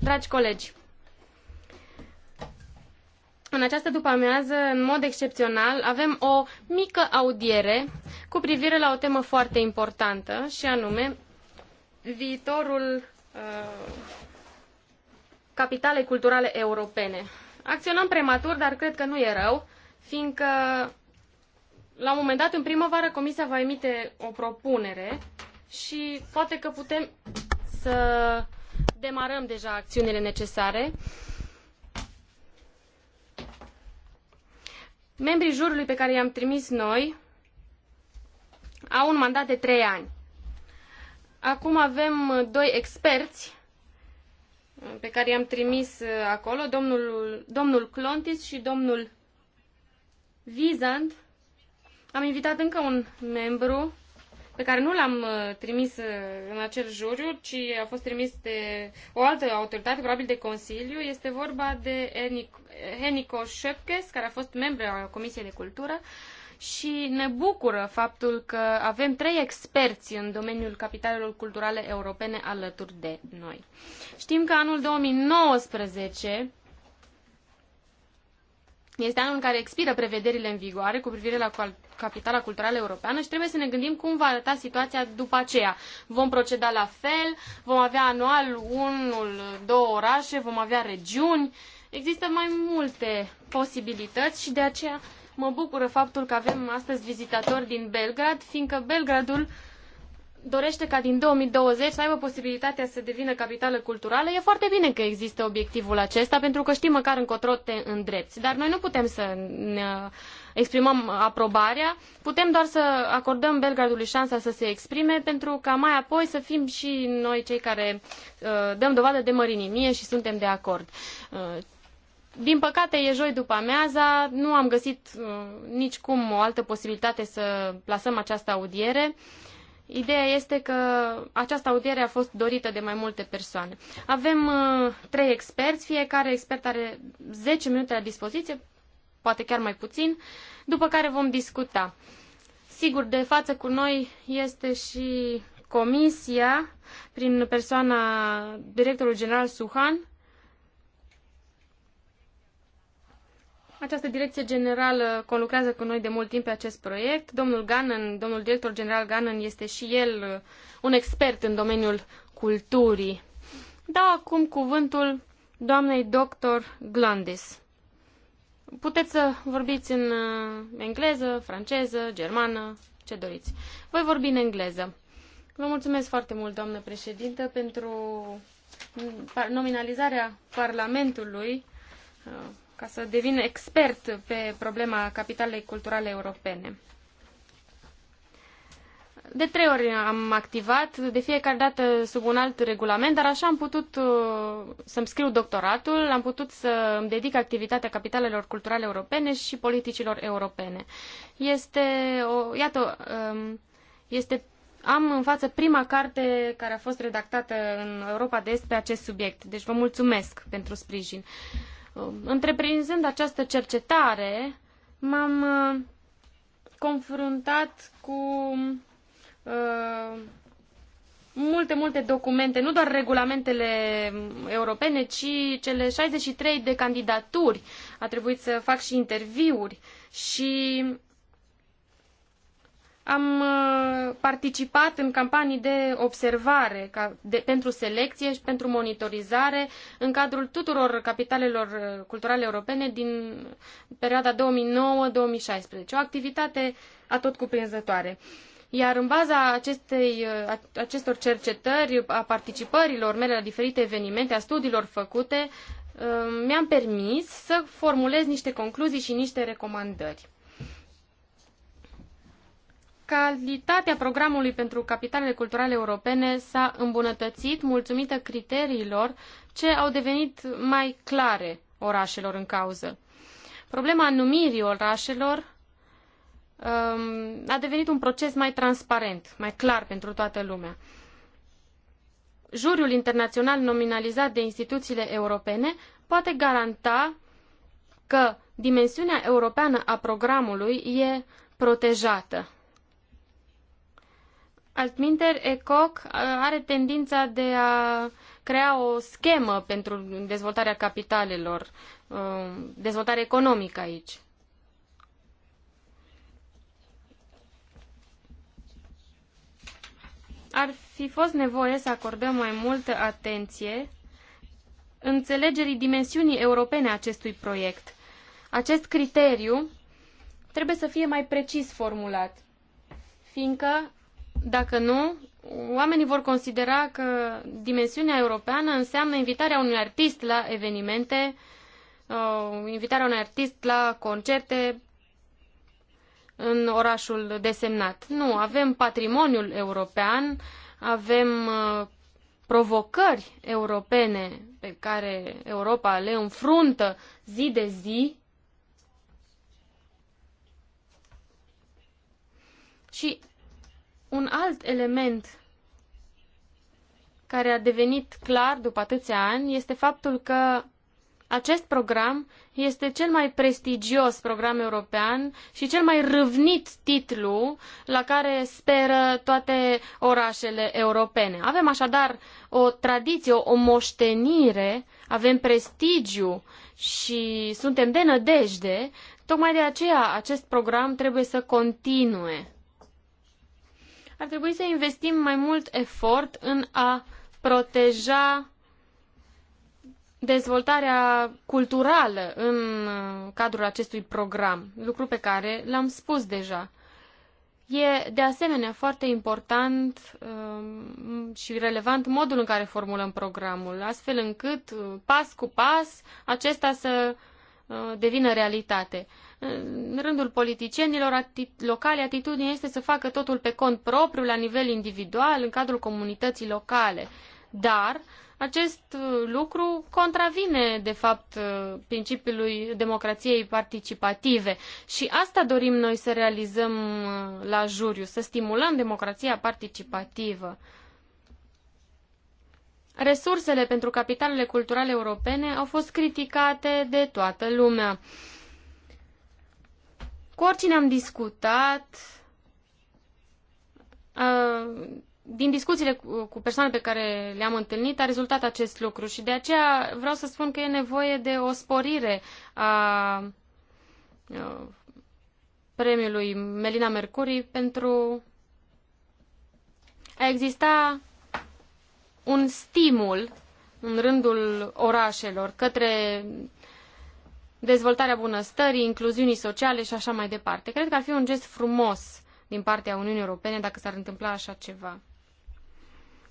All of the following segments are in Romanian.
Dragi colegi, în această după-amiază, în mod excepțional, avem o mică audiere cu privire la o temă foarte importantă, și anume viitorul uh, capitalei culturale europene. Acționăm prematur, dar cred că nu e rău, fiindcă la un moment dat, în primăvară, Comisia va emite o propunere și poate că putem să demarăm deja acțiunile necesare. Membrii jurului pe care i-am trimis noi au un mandat de trei ani. Acum avem doi experți pe care i-am trimis acolo, domnul, domnul Clontis și domnul Vizant. Am invitat încă un membru pe care nu l-am uh, trimis uh, în acel juriu, ci a fost trimis de o altă autoritate, probabil de Consiliu. Este vorba de Henico Șepkes, care a fost membru al Comisiei de Cultură și ne bucură faptul că avem trei experți în domeniul capitalelor culturale europene alături de noi. Știm că anul 2019 este anul în care expiră prevederile în vigoare cu privire la capitala culturală europeană și trebuie să ne gândim cum va arăta situația după aceea. Vom proceda la fel, vom avea anual unul, două orașe, vom avea regiuni. Există mai multe posibilități și de aceea mă bucură faptul că avem astăzi vizitatori din Belgrad, fiindcă Belgradul dorește ca din 2020 să aibă posibilitatea să devină capitală culturală, e foarte bine că există obiectivul acesta, pentru că știm măcar încotro te îndrepți. Dar noi nu putem să ne uh, exprimăm aprobarea, putem doar să acordăm Belgradului șansa să se exprime, pentru ca mai apoi să fim și noi cei care uh, dăm dovadă de mărinimie și suntem de acord. Uh, din păcate, e joi după amiaza, nu am găsit uh, nici cum o altă posibilitate să plasăm această audiere. Uh, Ideea este că această audiere a fost dorită de mai multe persoane. Avem uh, trei experți, fiecare expert are 10 minute la dispoziție, poate chiar mai puțin, după care vom discuta. Sigur, de față cu noi este și comisia, prin persoana directorului general Suhan, Această direcție generală conlucrează cu noi de mult timp pe acest proiect. Domnul Gannon, domnul director general Gannon este și el uh, un expert în domeniul culturii. Dau acum cuvântul doamnei doctor Glandis. Puteți să vorbiți în uh, engleză, franceză, germană, ce doriți. Voi vorbi în engleză. Vă mulțumesc foarte mult, doamnă președintă, pentru nominalizarea Parlamentului uh, ca să devin expert pe problema capitalei culturale europene. De trei ori am activat, de fiecare dată sub un alt regulament, dar așa am putut uh, să-mi scriu doctoratul, am putut să îmi dedic activitatea capitalelor culturale europene și politicilor europene. Este, o, iată, um, este am în față prima carte care a fost redactată în Europa de Est pe acest subiect. Deci vă mulțumesc pentru sprijin. Uh, Întreprinzând această cercetare, m-am uh, confruntat cu uh, multe, multe documente, nu doar regulamentele europene, ci cele 63 de candidaturi. A trebuit să fac și interviuri și am uh, participat în campanii de observare ca de, pentru selecție și pentru monitorizare în cadrul tuturor capitalelor uh, culturale europene din perioada 2009-2016. O activitate atot cuprinzătoare. Iar în baza acestei, uh, acestor cercetări, a participărilor mele la diferite evenimente, a studiilor făcute, mi-am permis să formulez niște concluzii și niște recomandări calitatea programului pentru capitalele culturale europene s-a îmbunătățit mulțumită criteriilor ce au devenit mai clare orașelor în cauză. Problema numirii orașelor um, a devenit un proces mai transparent, mai clar pentru toată lumea. Juriul internațional nominalizat de instituțiile europene poate garanta că dimensiunea europeană a programului e protejată. Altminteri, ECOC uh, are tendința de a crea o schemă pentru dezvoltarea capitalelor, uh, dezvoltare economică aici. Ar fi fost nevoie să acordăm mai multă atenție înțelegerii dimensiunii europene a acestui proiect. Acest criteriu trebuie să fie mai precis formulat, fiindcă dacă nu, oamenii vor considera că dimensiunea europeană înseamnă invitarea unui artist la evenimente, uh, invitarea unui artist la concerte în orașul desemnat. Nu, avem patrimoniul european, avem uh, provocări europene pe care Europa le înfruntă zi de zi și un alt element care a devenit clar după atâția ani este faptul că acest program este cel mai prestigios program european și cel mai râvnit titlu la care speră toate orașele europene. Avem așadar o tradiție, o moștenire, avem prestigiu și suntem de nădejde, tocmai de aceea acest program trebuie să continue ar trebui să investim mai mult efort în a proteja dezvoltarea culturală în uh, cadrul acestui program, lucru pe care l-am spus deja. E de asemenea foarte important um, și relevant modul în care formulăm programul, astfel încât uh, pas cu pas acesta să Uh, devină realitate. În rândul politicienilor ati locale, atitudinea este să facă totul pe cont propriu, la nivel individual, în cadrul comunității locale. Dar acest uh, lucru contravine, de fapt, uh, principiului democrației participative. Și asta dorim noi să realizăm la juriu, să stimulăm democrația participativă. Resursele pentru capitalele culturale europene au fost criticate de toată lumea. Cu oricine am discutat, din discuțiile cu persoane pe care le-am întâlnit, a rezultat acest lucru și de aceea vreau să spun că e nevoie de o sporire a premiului Melina Mercuri pentru a exista un stimul în rândul orașelor către dezvoltarea bunăstării, incluziunii sociale și așa mai departe. Cred că ar fi un gest frumos din partea Uniunii Europene dacă s-ar întâmpla așa ceva.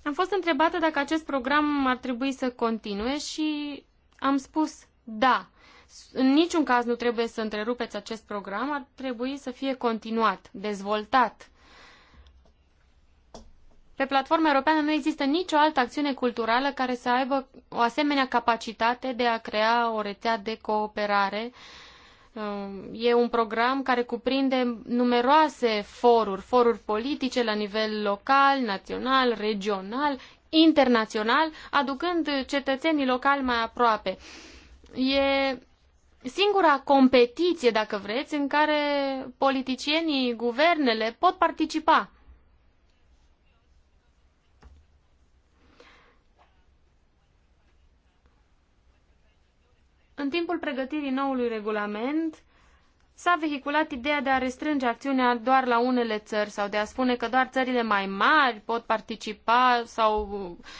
Am fost întrebată dacă acest program ar trebui să continue și am spus da. În niciun caz nu trebuie să întrerupeți acest program, ar trebui să fie continuat, dezvoltat pe platforma europeană nu există nicio altă acțiune culturală care să aibă o asemenea capacitate de a crea o rețea de cooperare. Uh, e un program care cuprinde numeroase foruri, foruri politice la nivel local, național, regional, internațional, aducând cetățenii locali mai aproape. E singura competiție, dacă vreți, în care politicienii, guvernele pot participa. În timpul pregătirii noului regulament, s-a vehiculat ideea de a restrânge acțiunea doar la unele țări sau de a spune că doar țările mai mari pot participa sau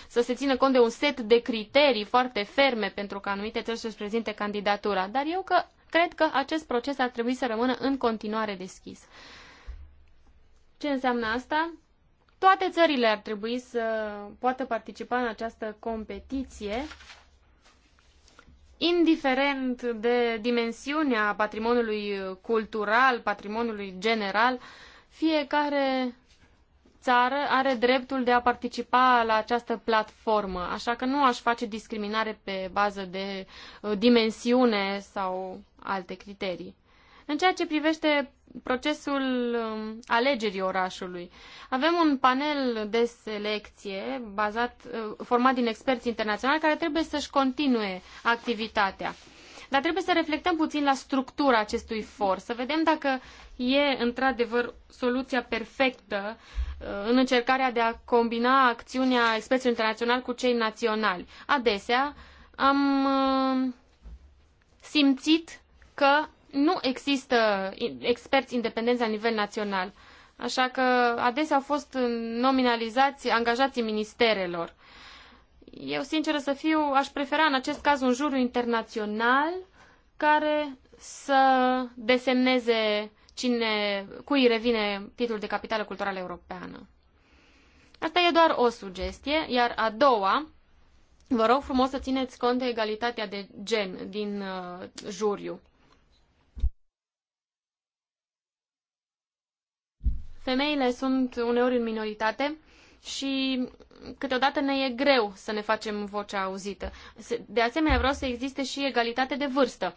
să se țină cont de un set de criterii foarte ferme pentru că anumite țări să-și prezinte candidatura. Dar eu că, cred că acest proces ar trebui să rămână în continuare deschis. Ce înseamnă asta? Toate țările ar trebui să poată participa în această competiție indiferent de dimensiunea patrimoniului cultural, patrimoniului general, fiecare țară are dreptul de a participa la această platformă, așa că nu aș face discriminare pe bază de uh, dimensiune sau alte criterii. În ceea ce privește procesul um, alegerii orașului. Avem un panel de selecție bazat, uh, format din experți internaționali care trebuie să-și continue activitatea. Dar trebuie să reflectăm puțin la structura acestui for, să vedem dacă e într-adevăr soluția perfectă uh, în încercarea de a combina acțiunea experților internaționali cu cei naționali. Adesea am uh, simțit că nu există experți independenți la nivel național. Așa că adesea au fost nominalizați angajații ministerelor. Eu, sinceră să fiu, aș prefera în acest caz un juriu internațional care să desemneze cine, cui revine titlul de capitală culturală europeană. Asta e doar o sugestie, iar a doua, vă rog frumos să țineți cont de egalitatea de gen din uh, juriu. Femeile sunt uneori în minoritate și câteodată ne e greu să ne facem vocea auzită. De asemenea, vreau să existe și egalitate de vârstă,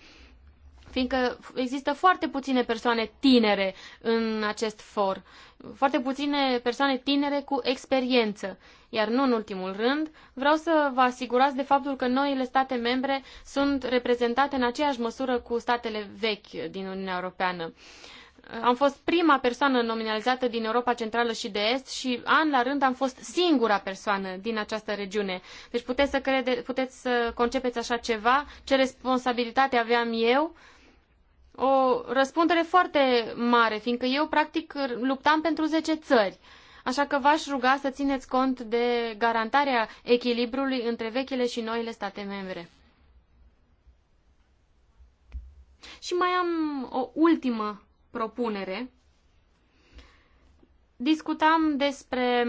fiindcă există foarte puține persoane tinere în acest for, foarte puține persoane tinere cu experiență. Iar nu în ultimul rând, vreau să vă asigurați de faptul că noile state membre sunt reprezentate în aceeași măsură cu statele vechi din Uniunea Europeană. Uh, am fost prima persoană nominalizată din Europa Centrală și de Est și an la rând am fost singura persoană din această regiune. Deci puteți să, crede, puteți să concepeți așa ceva, ce responsabilitate aveam eu, o răspundere foarte mare, fiindcă eu practic luptam pentru zece țări. Așa că v-aș ruga să țineți cont de garantarea echilibrului între vechile și noile state membre. Și mai am o ultimă propunere, discutam despre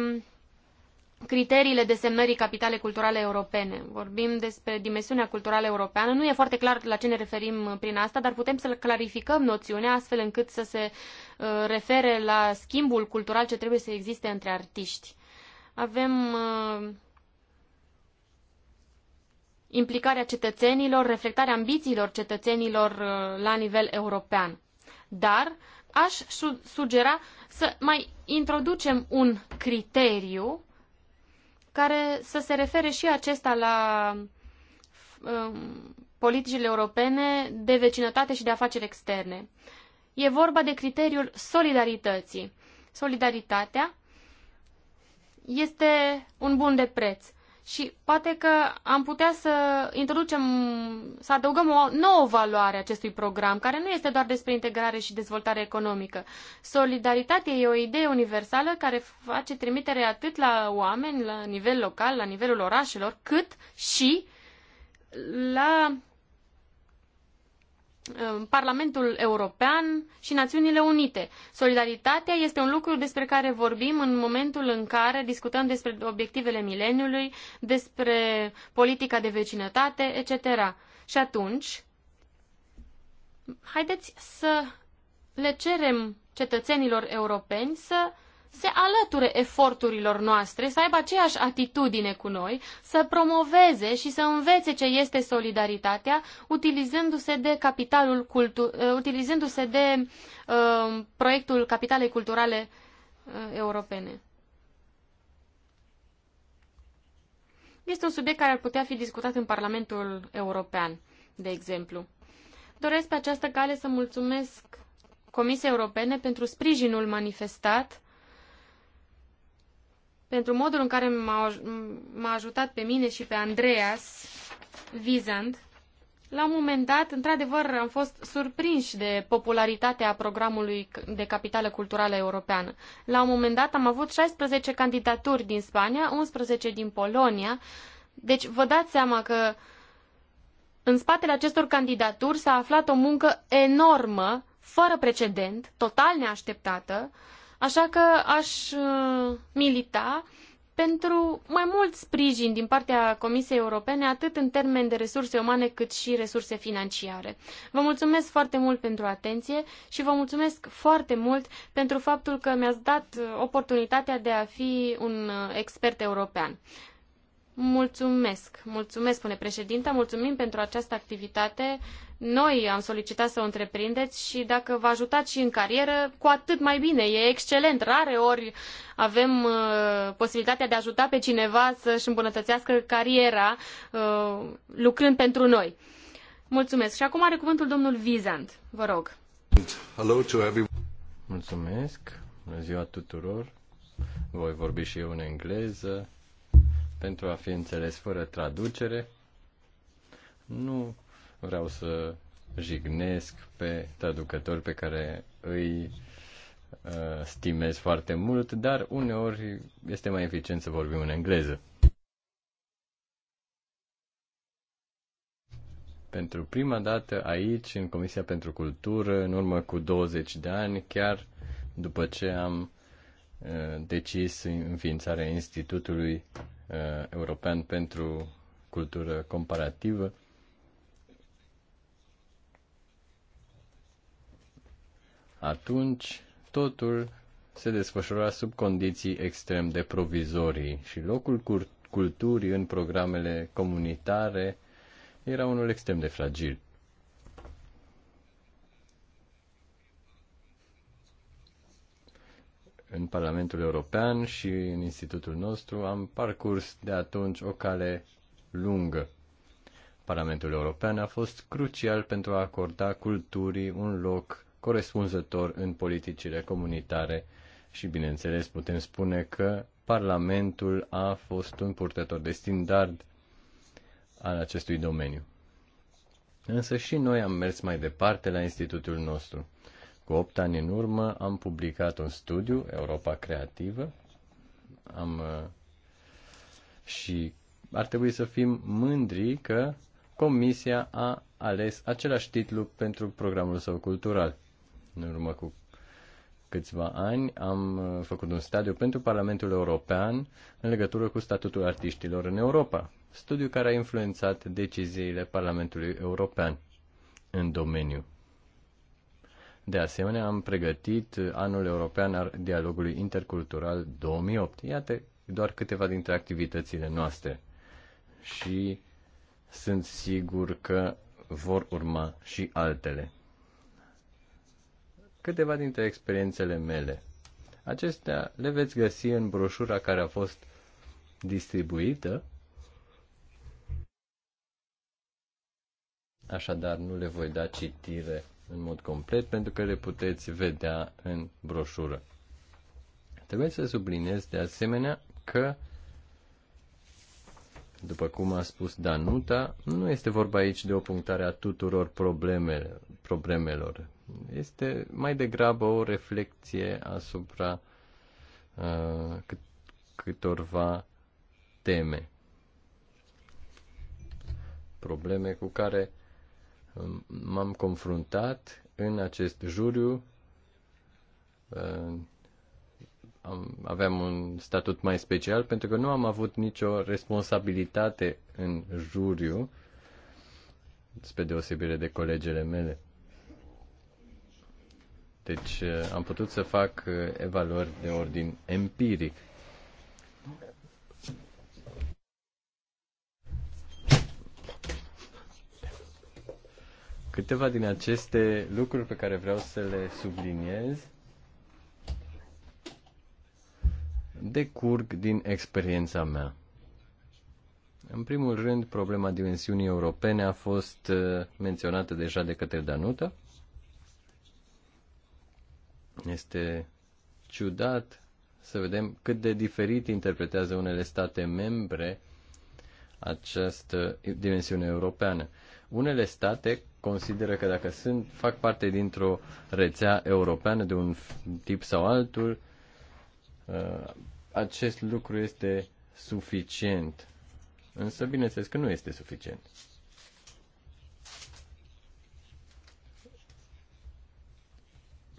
criteriile desemnării capitale culturale europene. Vorbim despre dimensiunea culturală europeană. Nu e foarte clar la ce ne referim prin asta, dar putem să clarificăm noțiunea astfel încât să se uh, refere la schimbul cultural ce trebuie să existe între artiști. Avem uh, implicarea cetățenilor, reflectarea ambițiilor cetățenilor uh, la nivel european dar aș sugera să mai introducem un criteriu care să se refere și acesta la um, politicile europene de vecinătate și de afaceri externe. E vorba de criteriul solidarității. Solidaritatea este un bun de preț și poate că am putea să introducem, să adăugăm o nouă valoare acestui program, care nu este doar despre integrare și dezvoltare economică. Solidaritatea e o idee universală care face trimitere atât la oameni, la nivel local, la nivelul orașelor, cât și la Uh, Parlamentul European și Națiunile Unite. Solidaritatea este un lucru despre care vorbim în momentul în care discutăm despre obiectivele mileniului, despre politica de vecinătate, etc. Și atunci, haideți să le cerem cetățenilor europeni să se alăture eforturilor noastre, să aibă aceeași atitudine cu noi, să promoveze și să învețe ce este solidaritatea, utilizându-se de capitalul cultu- eh, utilizându-se de uh, proiectul capitalei culturale uh, europene. Este un subiect care ar putea fi discutat în Parlamentul European, de exemplu. Doresc pe această cale să mulțumesc Comisiei Europene pentru sprijinul manifestat pentru modul în care m-a ajutat pe mine și pe Andreas Vizand. La un moment dat, într-adevăr, am fost surprinși de popularitatea programului de capitală culturală europeană. La un moment dat am avut 16 candidaturi din Spania, 11 din Polonia. Deci vă dați seama că în spatele acestor candidaturi s-a aflat o muncă enormă, fără precedent, total neașteptată, uh, Așa că aș uh, milita pentru mai mult sprijin din partea Comisiei Europene, atât în termeni de resurse umane, cât și resurse financiare. Vă mulțumesc foarte mult pentru atenție și vă mulțumesc foarte mult pentru faptul că mi-ați dat uh, oportunitatea de a fi un uh, expert european. Mulțumesc, mulțumesc, spune președinta, mulțumim pentru această activitate. Noi am solicitat să o întreprindeți și dacă vă ajutați și în carieră, cu atât mai bine. E excelent. Rare ori avem uh, posibilitatea de a ajuta pe cineva să-și îmbunătățească cariera uh, lucrând pentru noi. Mulțumesc. Și acum are cuvântul domnul Vizant. Vă rog. Hello to everyone. Mulțumesc. Bună ziua tuturor. Voi vorbi și eu în engleză pentru a fi înțeles fără traducere. Nu vreau să jignesc pe traducători pe care îi uh, stimez foarte mult, dar uneori este mai eficient să vorbim în engleză. pentru prima dată aici, în Comisia pentru Cultură, în urmă cu 20 de ani, chiar după ce am uh, decis înființarea Institutului Uh, european pentru cultură comparativă. Atunci totul se desfășura sub condiții extrem de provizorii și locul culturii în programele comunitare era unul extrem de fragil. în Parlamentul European și în institutul nostru am parcurs de atunci o cale lungă. Parlamentul European a fost crucial pentru a acorda culturii un loc corespunzător în politicile comunitare și, bineînțeles, putem spune că Parlamentul a fost un purtător de standard al acestui domeniu. Însă și noi am mers mai departe la institutul nostru. Cu opt ani în urmă am publicat un studiu, Europa Creativă, am uh, și ar trebui să fim mândri că Comisia a ales același titlu pentru programul său cultural. În urmă cu câțiva ani am uh, făcut un stadiu pentru Parlamentul European în legătură cu statutul artiștilor în Europa, studiu care a influențat deciziile Parlamentului European în domeniu. De asemenea, am pregătit Anul European al Dialogului Intercultural 2008. Iată doar câteva dintre activitățile noastre. Și sunt sigur că vor urma și altele. Câteva dintre experiențele mele. Acestea le veți găsi în broșura care a fost distribuită. Așadar, nu le voi da citire în mod complet pentru că le puteți vedea în broșură. Trebuie să subliniez de asemenea că, după cum a spus Danuta, nu este vorba aici de o punctare a tuturor problemelor. problemelor. Este mai degrabă o reflecție asupra uh, câtorva teme. Probleme cu care m-am confruntat în acest juriu. Uh, aveam un statut mai special pentru că nu am avut nicio responsabilitate în juriu, spre deosebire de colegele mele. Deci uh, am putut să fac uh, evaluări de ordin empiric. Câteva din aceste lucruri pe care vreau să le subliniez decurg din experiența mea. În primul rând, problema dimensiunii europene a fost uh, menționată deja de către Danută. Este ciudat să vedem cât de diferit interpretează unele state membre această dimensiune europeană. Unele state consideră că dacă sunt, fac parte dintr-o rețea europeană de un tip sau altul, uh, acest lucru este suficient. Însă, bineînțeles că nu este suficient.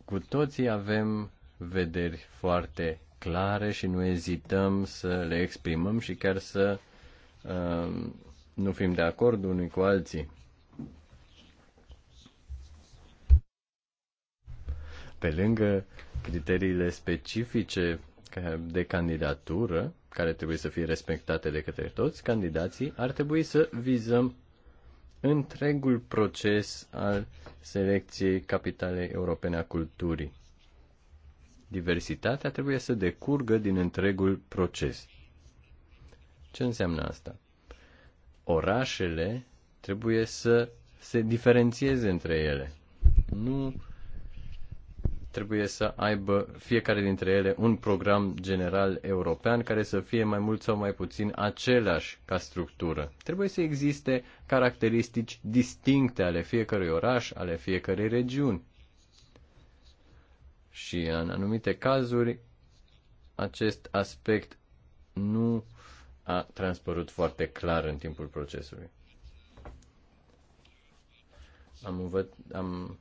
Cu toții avem vederi foarte clare și nu ezităm să le exprimăm și chiar să uh, nu fim de acord unii cu alții. pe lângă criteriile specifice de candidatură, care trebuie să fie respectate de către toți candidații, ar trebui să vizăm întregul proces al selecției capitalei europene a culturii. Diversitatea trebuie să decurgă din întregul proces. Ce înseamnă asta? Orașele trebuie să se diferențieze între ele. Nu trebuie să aibă fiecare dintre ele un program general european care să fie mai mult sau mai puțin același ca structură. Trebuie să existe caracteristici distincte ale fiecărui oraș, ale fiecărei regiuni. Și în anumite cazuri acest aspect nu a transpărut foarte clar în timpul procesului. Am, învăț- am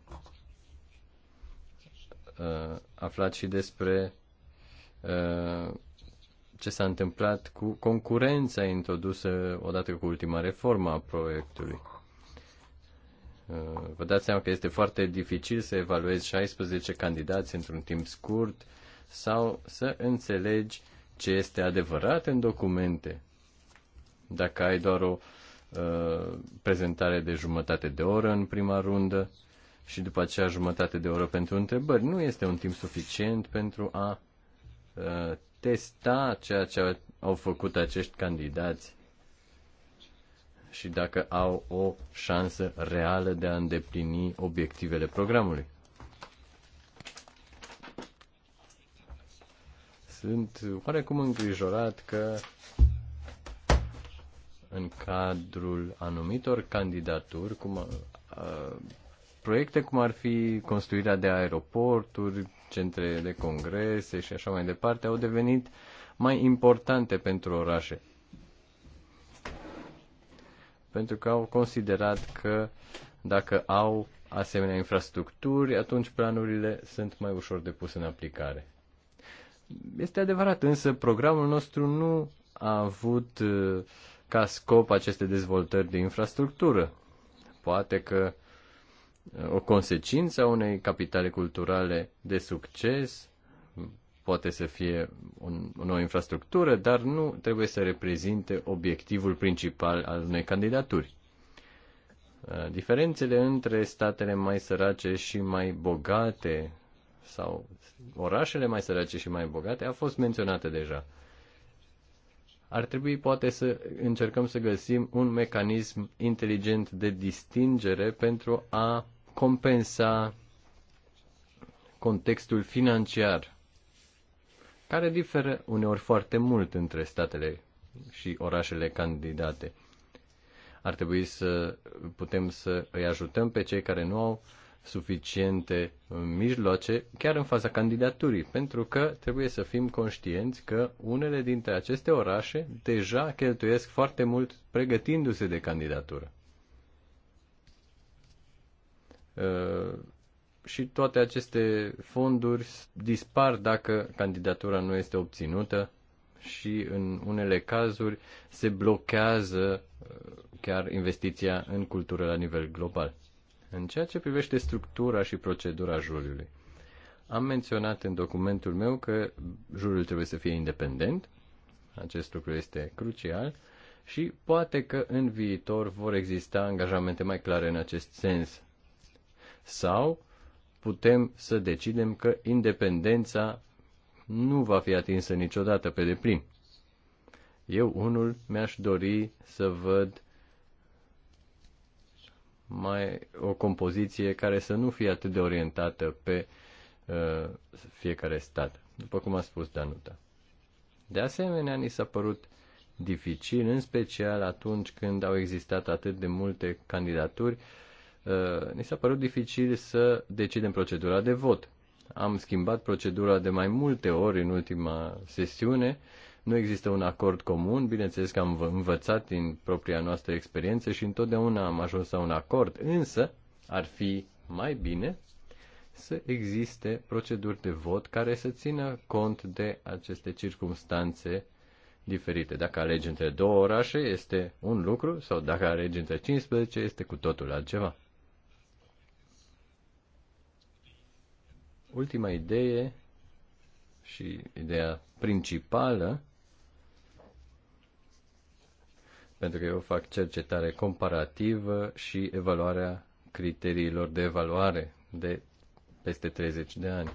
uh, aflat și despre uh, ce s-a întâmplat cu concurența introdusă odată cu ultima reformă a proiectului. Uh, vă dați seama că este foarte dificil să evaluezi 16 candidați într-un timp scurt sau să înțelegi ce este adevărat în documente. Dacă ai doar o uh, prezentare de jumătate de oră în prima rundă, uh, și după aceea jumătate de oră pentru întrebări. Nu este un timp suficient pentru a uh, testa ceea ce au făcut acești candidați și dacă au o șansă reală de a îndeplini obiectivele programului. Sunt oarecum îngrijorat că în cadrul anumitor candidaturi, cum uh, proiecte cum ar fi construirea de aeroporturi, centre de congrese și așa mai departe, au devenit mai importante pentru orașe. Pentru că au considerat că dacă au asemenea infrastructuri, atunci planurile sunt mai ușor de pus în aplicare. Este adevărat, însă programul nostru nu a avut uh, ca scop aceste dezvoltări de infrastructură. Poate că o consecință a unei capitale culturale de succes, poate să fie un, o nouă infrastructură, dar nu trebuie să reprezinte obiectivul principal al unei candidaturi. Uh, diferențele între statele mai sărace și mai bogate sau orașele mai sărace și mai bogate a fost menționată deja. Ar trebui poate să încercăm să găsim un mecanism inteligent de distingere pentru a compensa contextul financiar, care diferă uneori foarte mult între statele și orașele candidate. Ar trebui să putem să îi ajutăm pe cei care nu au suficiente mijloace chiar în faza candidaturii, pentru că trebuie să fim conștienți că unele dintre aceste orașe deja cheltuiesc foarte mult pregătindu-se de candidatură. Uh, și toate aceste fonduri dispar dacă candidatura nu este obținută și în unele cazuri se blochează uh, chiar investiția în cultură la nivel global. În ceea ce privește structura și procedura juriului, am menționat în documentul meu că juriul trebuie să fie independent, acest lucru este crucial, și poate că în viitor vor exista angajamente mai clare în acest sens sau putem să decidem că independența nu va fi atinsă niciodată pe deplin. Eu unul mi-aș dori să văd mai o compoziție care să nu fie atât de orientată pe uh, fiecare stat, după cum a spus Danuta. De asemenea, ni s-a părut dificil, în special atunci când au existat atât de multe candidaturi uh, Uh, ni s-a părut dificil să decidem procedura de vot. Am schimbat procedura de mai multe ori în ultima sesiune. Nu există un acord comun, bineînțeles că am învățat din propria noastră experiență și întotdeauna am ajuns la un acord, însă ar fi mai bine să existe proceduri de vot care să țină cont de aceste circumstanțe diferite. Dacă alegi între două orașe este un lucru sau dacă alegi între 15 este cu totul altceva. Ultima idee și ideea principală, pentru că eu fac cercetare comparativă și evaluarea criteriilor de evaluare de peste 30 de ani.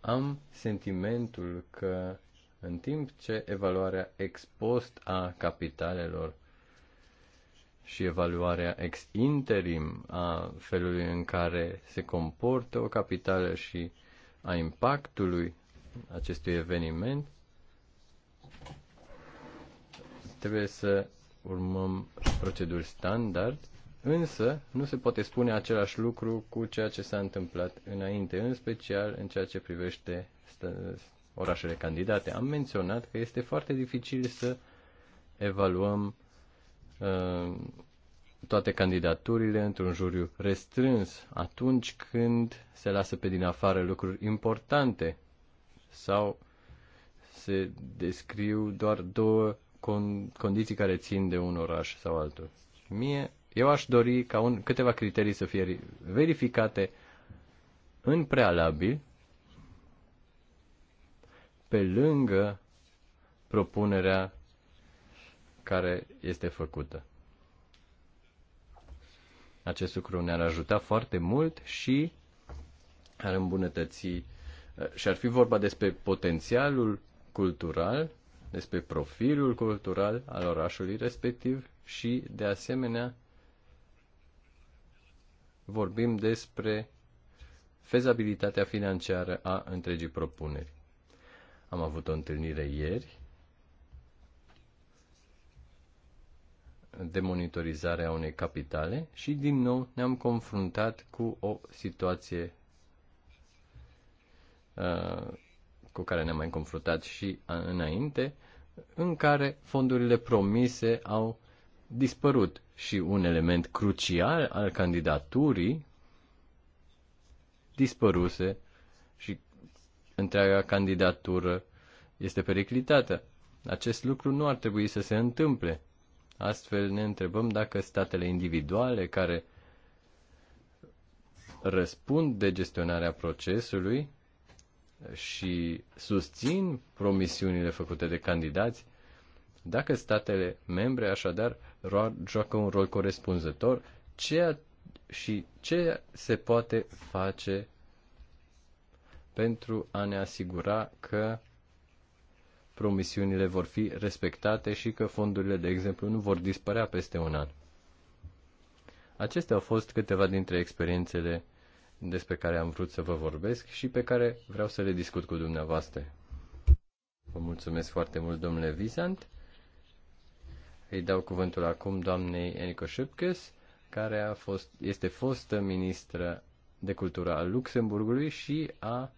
Am sentimentul că în timp ce evaluarea ex post a capitalelor și evaluarea ex interim a felului în care se comportă o capitală și a impactului acestui eveniment, trebuie să urmăm proceduri standard, însă nu se poate spune același lucru cu ceea ce s-a întâmplat înainte, în special în ceea ce privește orașele candidate. Am menționat că este foarte dificil să evaluăm Uh, toate candidaturile într-un juriu restrâns atunci când se lasă pe din afară lucruri importante sau se descriu doar două con- condiții care țin de un oraș sau altul. Mie, eu aș dori ca un, câteva criterii să fie verificate în prealabil pe lângă propunerea care este făcută. Acest lucru ne-ar ajuta foarte mult și ar îmbunătăți și ar fi vorba despre potențialul cultural, despre profilul cultural al orașului respectiv și, de asemenea, vorbim despre fezabilitatea financiară a întregii propuneri. Am avut o întâlnire ieri de monitorizare a unei capitale și din nou ne-am confruntat cu o situație uh, cu care ne-am mai confruntat și înainte, în care fondurile promise au dispărut și un element crucial al candidaturii dispăruse și întreaga candidatură este periclitată. Acest lucru nu ar trebui să se întâmple. Astfel ne întrebăm dacă statele individuale care răspund de gestionarea procesului și susțin promisiunile făcute de candidați, dacă statele membre așadar joacă un rol corespunzător, ceea și ce se poate face pentru a ne asigura că promisiunile vor fi respectate și că fondurile, de exemplu, nu vor dispărea peste un an. Acestea au fost câteva dintre experiențele despre care am vrut să vă vorbesc și pe care vreau să le discut cu dumneavoastră. Vă mulțumesc foarte mult, domnule Vizant. Îi dau cuvântul acum doamnei Eniko Șupkes, care a fost, este fostă ministră de cultură a Luxemburgului și a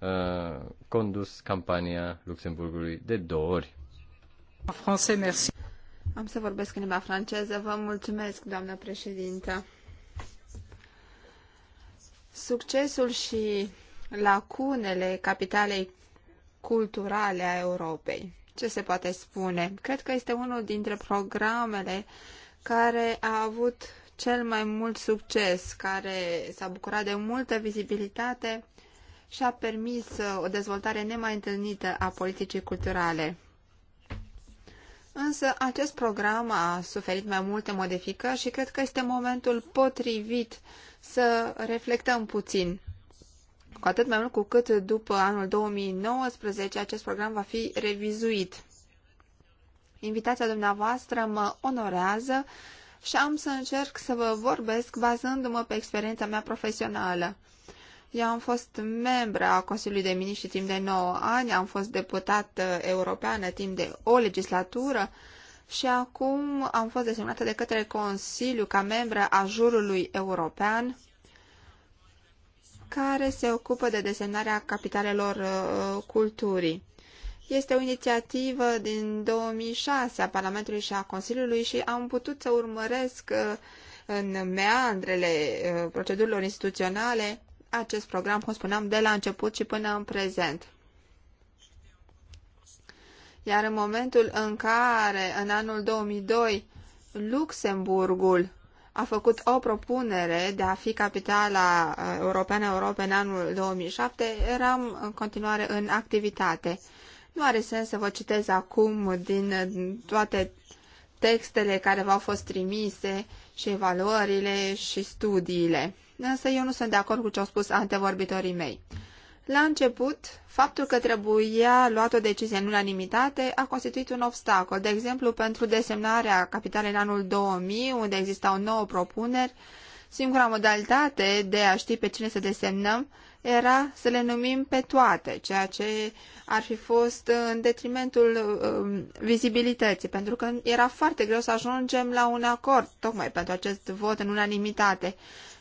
Uh, condus campania Luxemburgului de două ori. Français, merci. Am să vorbesc în limba franceză. Vă mulțumesc, doamnă președintă. Succesul și lacunele capitalei culturale a Europei. Ce se poate spune? Cred că este unul dintre programele care a avut cel mai mult succes, care s-a bucurat de multă vizibilitate și-a permis uh, o dezvoltare nemai întâlnită a politicii culturale. Însă acest program a suferit mai multe modificări și cred că este momentul potrivit să reflectăm puțin. Cu atât mai mult cu cât după anul 2019 acest program va fi revizuit. Invitația dumneavoastră mă onorează și am să încerc să vă vorbesc bazându-mă pe experiența mea profesională. Eu am fost membra a Consiliului de Miniștri timp de 9 ani, am fost deputat europeană timp de o legislatură și acum am fost desemnată de către Consiliu ca membră a jurului european care se ocupă de desemnarea capitalelor uh, culturii. Este o inițiativă din 2006 a Parlamentului și a Consiliului și am putut să urmăresc uh, în meandrele uh, procedurilor instituționale acest program, cum spuneam, de la început și până în prezent. Iar în momentul în care, în anul 2002, Luxemburgul a făcut o propunere de a fi capitala uh, europeană Europei în anul 2007, eram în continuare în activitate. Nu are sens să vă citez acum din uh, toate textele care v-au fost trimise și evaluările și studiile însă eu nu sunt de acord cu ce au spus antevorbitorii mei. La început, faptul că trebuia luat o decizie în unanimitate a constituit un obstacol, de exemplu pentru desemnarea capitalei în anul 2000, unde existau nouă propuneri, singura modalitate de a ști pe cine să desemnăm era să le numim pe toate, ceea ce ar fi fost în detrimentul um, vizibilității, pentru că era foarte greu să ajungem la un acord, tocmai pentru acest vot în unanimitate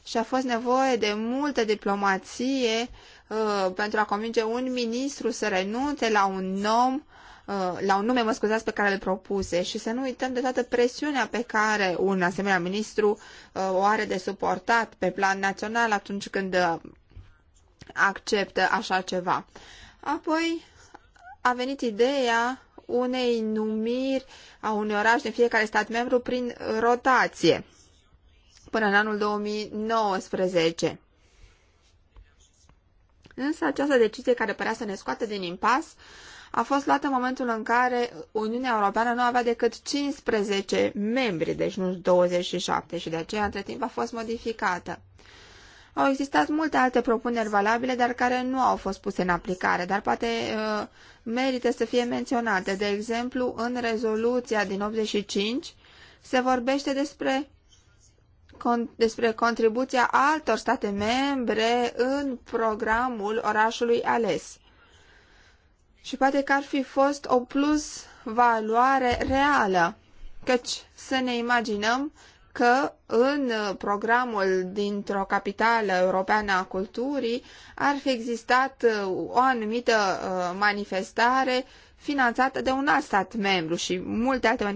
și a fost nevoie de multă diplomație uh, pentru a convinge un ministru să renunțe la un om uh, la un nume, mă scuzați, pe care îl propuse și să nu uităm de toată presiunea pe care un asemenea ministru uh, o are de suportat pe plan național atunci când uh, acceptă așa ceva. Apoi a venit ideea unei numiri a unui oraș din fiecare stat membru prin rotație până în anul 2019. Însă această decizie care părea să ne scoată din impas a fost luată în momentul în care Uniunea Europeană nu avea decât 15 membri, deci nu 27 și de aceea între timp a fost modificată. Au existat multe alte propuneri valabile, dar care nu au fost puse în aplicare, dar poate uh, merită să fie menționate. De exemplu, în rezoluția din 85 se vorbește despre con despre contribuția altor state membre în programul orașului ales. Și poate că ar fi fost o plus valoare reală, căci să ne imaginăm că în programul dintr-o capitală europeană a culturii ar fi existat uh, o anumită uh, manifestare finanțată de un alt stat membru și multe alte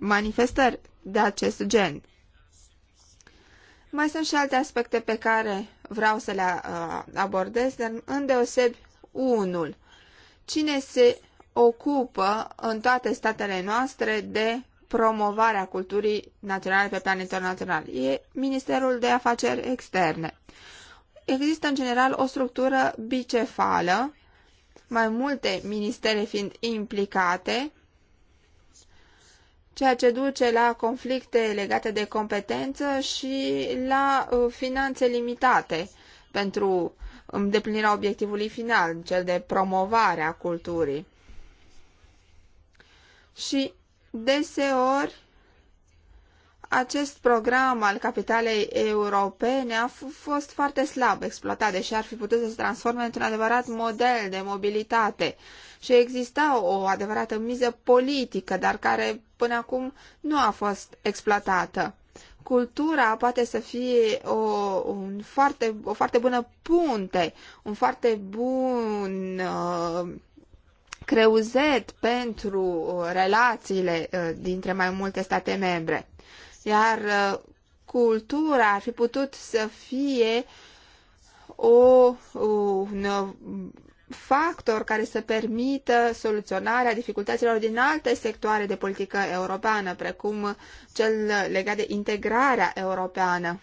manifestări de acest gen. Mai sunt și alte aspecte pe care vreau să le uh, abordez, dar îndeosebi unul. Cine se ocupă în toate statele noastre de promovarea culturii naționale pe plan internațional? E Ministerul de Afaceri Externe. Există în general o structură bicefală, mai multe ministere fiind implicate, ceea ce duce la conflicte legate de competență și la uh, finanțe limitate pentru îndeplinirea obiectivului final, cel de promovare a culturii. Și deseori acest program al capitalei europene a fost foarte slab exploatat, deși ar fi putut să se transforme într-un adevărat model de mobilitate. Și exista o adevărată miză politică, dar care până acum nu a fost exploatată. Cultura poate să fie o, un foarte, o foarte bună punte, un foarte bun uh, creuzet pentru uh, relațiile uh, dintre mai multe state membre. Iar uh, cultura ar fi putut să fie o, un uh, factor care să permită soluționarea dificultăților din alte sectoare de politică europeană, precum cel legat de integrarea europeană.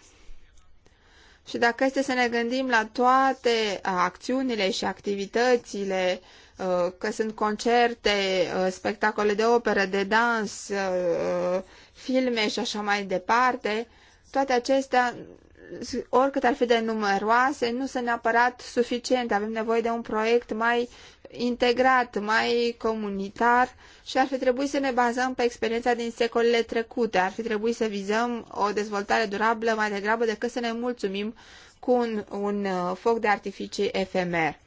Și dacă este să ne gândim la toate uh, acțiunile și activitățile, că sunt concerte, spectacole de operă, de dans, filme și așa mai departe, toate acestea, oricât ar fi de numeroase, nu sunt neapărat suficiente. Avem nevoie de un proiect mai integrat, mai comunitar și ar fi trebuit să ne bazăm pe experiența din secolele trecute. Ar fi trebuit să vizăm o dezvoltare durabilă mai degrabă decât să ne mulțumim cu un, un uh, foc de artificii efemer.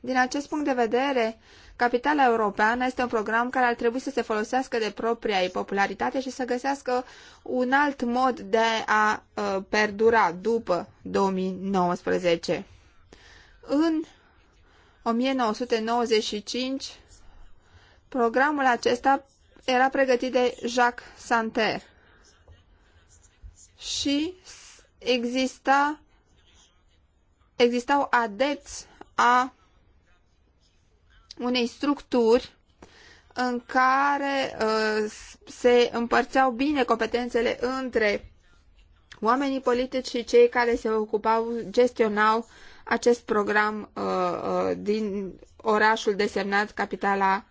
Din acest punct de vedere, Capitala Europeană este un program care ar trebui să se folosească de propria ei popularitate și să găsească un alt mod de a ă, perdura după 2019. În 1995, programul acesta era pregătit de Jacques Santer și exista, existau adepți a unei structuri în care uh, se împărțeau bine competențele între oamenii politici și cei care se ocupau, gestionau acest program uh, uh, din orașul desemnat capitala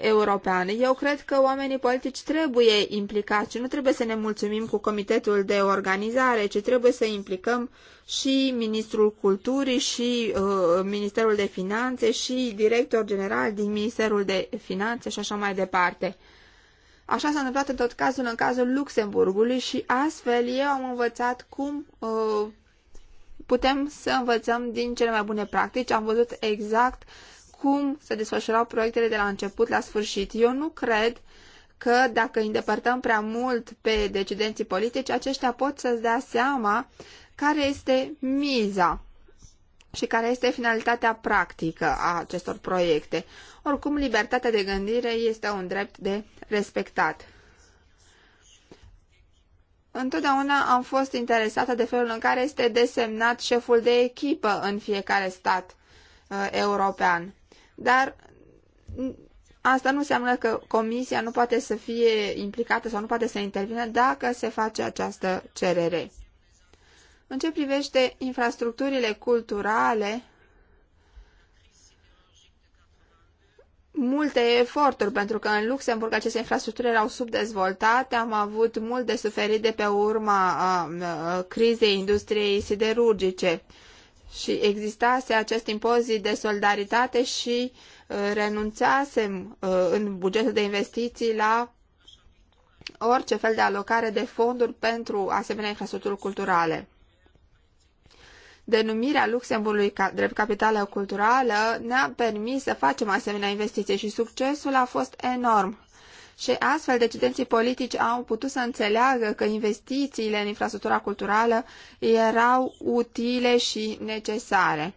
europeană. Eu cred că oamenii politici trebuie implicați și nu trebuie să ne mulțumim cu comitetul de organizare, ci trebuie să implicăm și Ministrul Culturii și uh, Ministerul de Finanțe și director general din Ministerul de Finanțe și așa mai departe. Așa s-a întâmplat în tot cazul în cazul Luxemburgului și astfel eu am învățat cum uh, putem să învățăm din cele mai bune practici. Am văzut exact uh, cum se desfășurau proiectele de la început la sfârșit. Eu nu cred că dacă îi îndepărtăm prea mult pe decidenții politici, aceștia pot să-ți dea seama care este miza și care este finalitatea practică a acestor proiecte. Oricum, libertatea de gândire este un drept de respectat. Întotdeauna am fost interesată de felul în care este desemnat șeful de echipă în fiecare stat uh, european dar asta nu înseamnă că comisia nu poate să fie implicată sau nu poate să intervină dacă se face această cerere. În ce privește infrastructurile culturale, multe eforturi, pentru că în Luxemburg aceste infrastructuri erau subdezvoltate, am avut mult de suferit de pe urma a, a, crizei industriei siderurgice și existase acest impozit de solidaritate și uh, renunțasem uh, în bugetul de investiții la orice fel de alocare de fonduri pentru asemenea infrastructuri culturale. Denumirea Luxemburgului ca drept capitală culturală ne-a permis să facem asemenea investiții și succesul a fost enorm. Și astfel decidenții politici au putut să înțeleagă că investițiile în infrastructura culturală erau utile și necesare.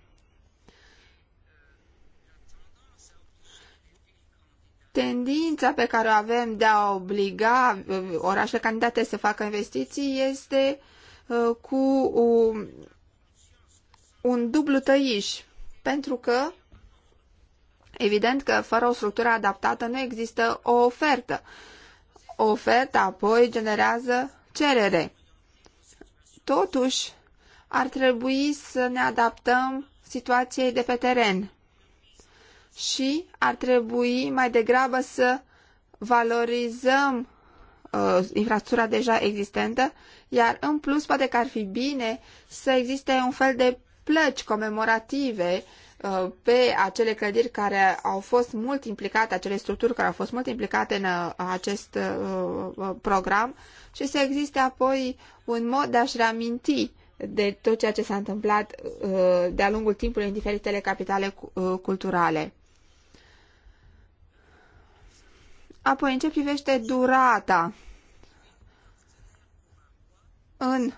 Tendința pe care o avem de a obliga uh, orașele candidate să facă investiții este uh, cu um, un dublu tăiș, pentru că Evident că fără o structură adaptată nu există o ofertă. Oferta apoi generează cerere. Totuși, ar trebui să ne adaptăm situației de pe teren și ar trebui mai degrabă să valorizăm uh, infrastructura deja existentă, iar în plus poate că ar fi bine să existe un fel de plăci comemorative uh, Uh, pe acele clădiri care au fost mult implicate, acele structuri care au fost mult implicate în uh, acest uh, program și să existe apoi un mod de a-și reaminti de tot ceea ce s-a întâmplat de-a lungul timpului în diferitele capitale culturale. Apoi, în ce privește durata, în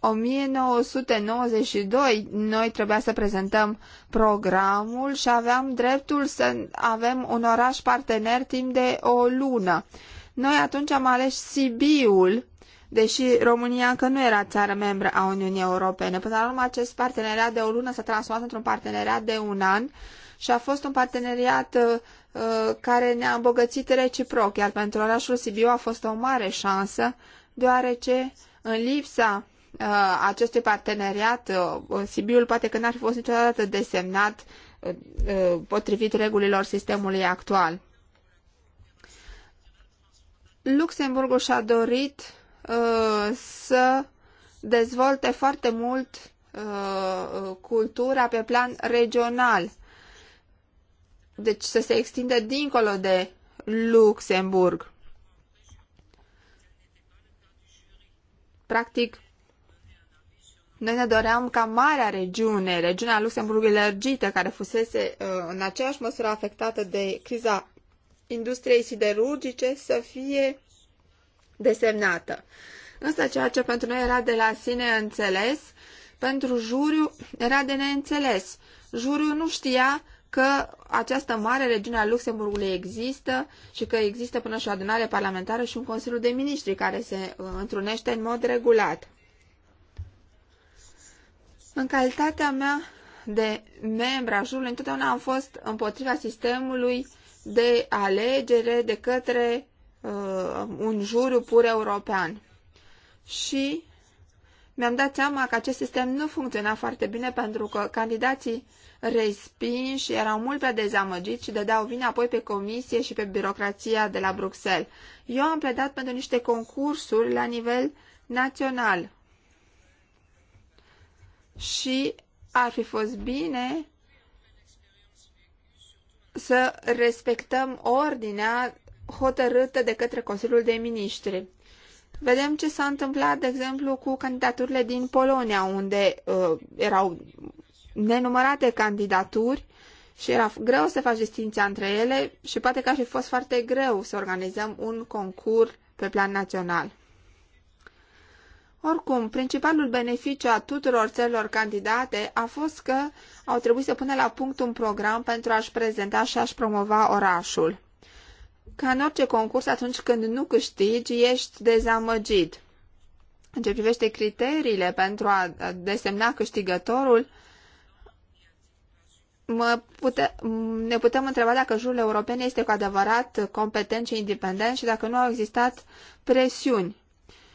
1992 noi trebuia să prezentăm programul și aveam dreptul să avem un oraș partener timp de o lună. Noi atunci am ales Sibiul, deși România încă nu era țară membră a Uniunii Europene. Până la urmă, acest parteneriat de o lună s-a transformat într-un parteneriat de un an și a fost un parteneriat uh, uh care ne-a îmbogățit reciproc, iar pentru orașul Sibiu a fost o mare șansă, deoarece în lipsa Uh, acestui parteneriat, uh, Sibiul poate că n-ar fi fost niciodată desemnat uh, potrivit regulilor sistemului actual. Luxemburgul și-a dorit să dezvolte foarte mult cultura pe plan regional. Deci să se extindă dincolo de Luxemburg. Practic, noi ne doream ca marea regiune, regiunea Luxemburgului lărgită, care fusese uh, în aceeași măsură afectată de criza industriei siderurgice, să fie desemnată. Însă ceea ce pentru noi era de la sine înțeles, pentru juriu era de neînțeles. Juriu nu știa că această mare regiune a Luxemburgului există și că există până și o adunare parlamentară și un Consiliu de Ministri care se uh, întrunește în mod regulat. În calitatea mea de membra jurului, întotdeauna am fost împotriva sistemului de alegere de către uh, un juriu pur european. Și mi-am dat seama că acest sistem nu funcționa foarte bine pentru că candidații respinși erau mult prea dezamăgiți și dădeau vina apoi pe comisie și pe birocrația de la Bruxelles. Eu am pledat pentru niște concursuri la nivel național, și ar fi fost bine să respectăm ordinea hotărâtă de către Consiliul de Ministri. Vedem ce s-a întâmplat, de exemplu, cu candidaturile din Polonia, unde uh, erau nenumărate candidaturi și era greu să faci distinția între ele și poate că ar fi fost foarte greu să organizăm un concurs pe plan național. Oricum, principalul beneficiu a tuturor țărilor candidate a fost că au trebuit să pună la punct un program pentru a-și prezenta și a-și promova orașul. Ca în orice concurs, atunci când nu câștigi, ești dezamăgit. În ce privește criteriile pentru a desemna câștigătorul, mă pute, ne putem întreba dacă jurul european este cu adevărat competent și independent și dacă nu au existat presiuni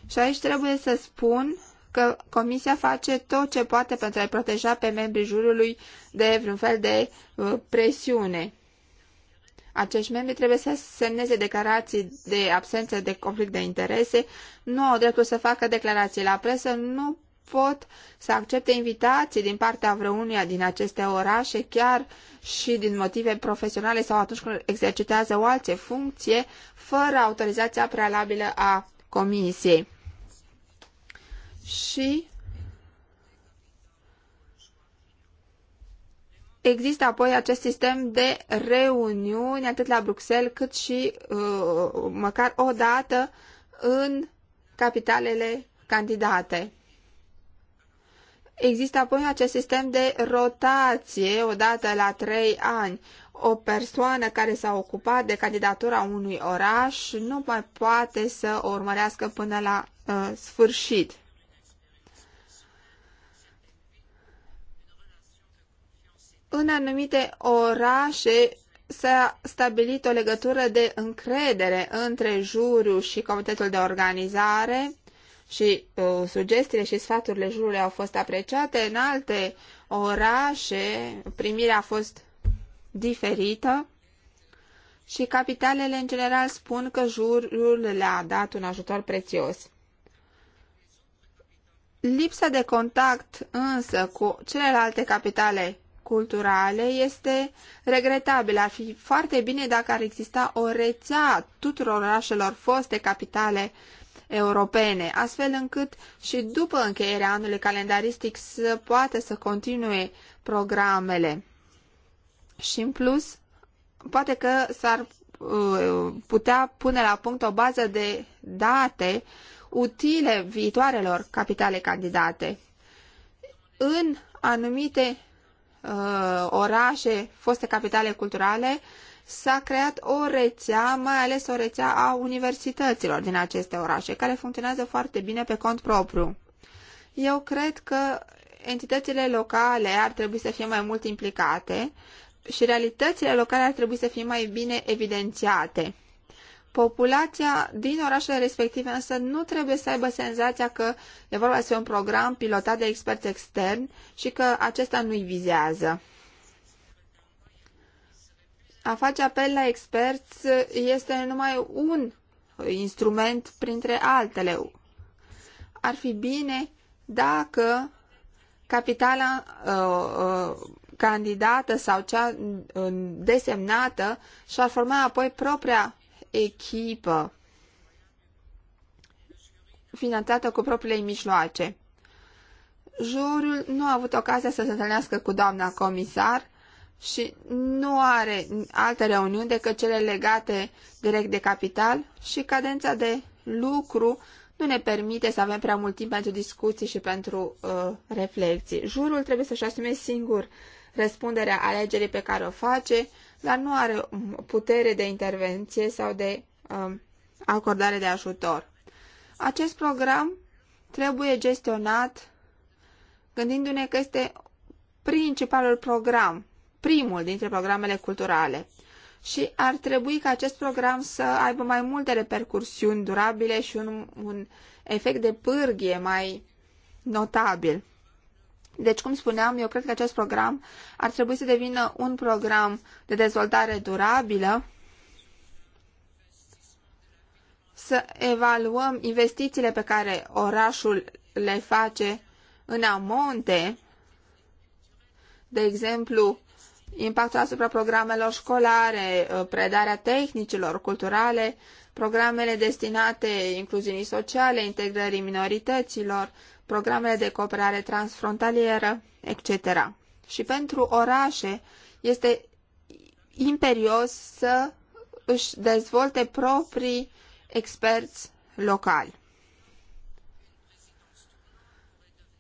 și aici trebuie să spun că Comisia face tot ce poate pentru a-i proteja pe membrii jurului de vreun fel de uh, presiune. Acești membri trebuie să semneze declarații de absență de conflict de interese, nu au dreptul să facă declarații la presă, nu pot să accepte invitații din partea vreunia din aceste orașe, chiar și din motive profesionale sau atunci când exercitează o altă funcție, fără autorizația prealabilă a Comisiei și Există apoi acest sistem de reuniuni atât la Bruxelles cât și uh, măcar o dată în capitalele candidate. Există apoi acest sistem de rotație odată la trei ani. O persoană care s-a ocupat de candidatura unui oraș nu mai poate să o urmărească până la uh, sfârșit. în anumite orașe s-a stabilit o legătură de încredere între juriu și comitetul de organizare și uh, sugestiile și sfaturile jurului au fost apreciate. În alte orașe primirea a fost diferită și capitalele în general spun că jurul le-a dat un ajutor prețios. Lipsa de contact însă cu celelalte capitale culturale este regretabil. Ar fi foarte bine dacă ar exista o rețea tuturor orașelor foste capitale europene, astfel încât și după încheierea anului calendaristic să poată să continue programele. Și în plus, poate că s-ar uh, putea pune la punct o bază de date utile viitoarelor capitale candidate. În anumite uh, orașe, foste capitale culturale, s-a creat o rețea, mai ales o rețea a universităților din aceste orașe, care funcționează foarte bine pe cont propriu. Eu cred că entitățile locale ar trebui să fie mai mult implicate și realitățile locale ar trebui să fie mai bine evidențiate. Populația din orașele respective însă nu trebuie să aibă senzația că e vorba despre un program pilotat de experți externi și că acesta nu-i vizează. A face apel la experți este numai un instrument printre altele. Ar fi bine dacă capitala uh, uh, candidată sau cea uh, desemnată și-ar forma apoi propria echipă finanțată cu propriile mijloace. Jurul nu a avut ocazia să se întâlnească cu doamna comisar și nu are alte reuniuni decât cele legate direct de capital și cadența de lucru nu ne permite să avem prea mult timp pentru discuții și pentru uh, reflexii. Jurul trebuie să-și asume singur răspunderea alegerii pe care o face dar nu are um, putere de intervenție sau de uh, acordare de ajutor. Acest program trebuie gestionat gândindu-ne că este principalul program, primul dintre programele culturale și ar trebui ca acest program să aibă mai multe repercursiuni durabile și un, un efect de pârghie mai notabil. Deci, cum spuneam, eu cred că acest program ar trebui să devină un program de dezvoltare durabilă, să evaluăm investițiile pe care orașul le face în amonte, de exemplu, impactul asupra programelor școlare, uh, predarea tehnicilor culturale, programele destinate incluziunii sociale, integrării minorităților, programele de cooperare transfrontalieră, etc. Și pentru orașe este imperios să își dezvolte proprii experți locali.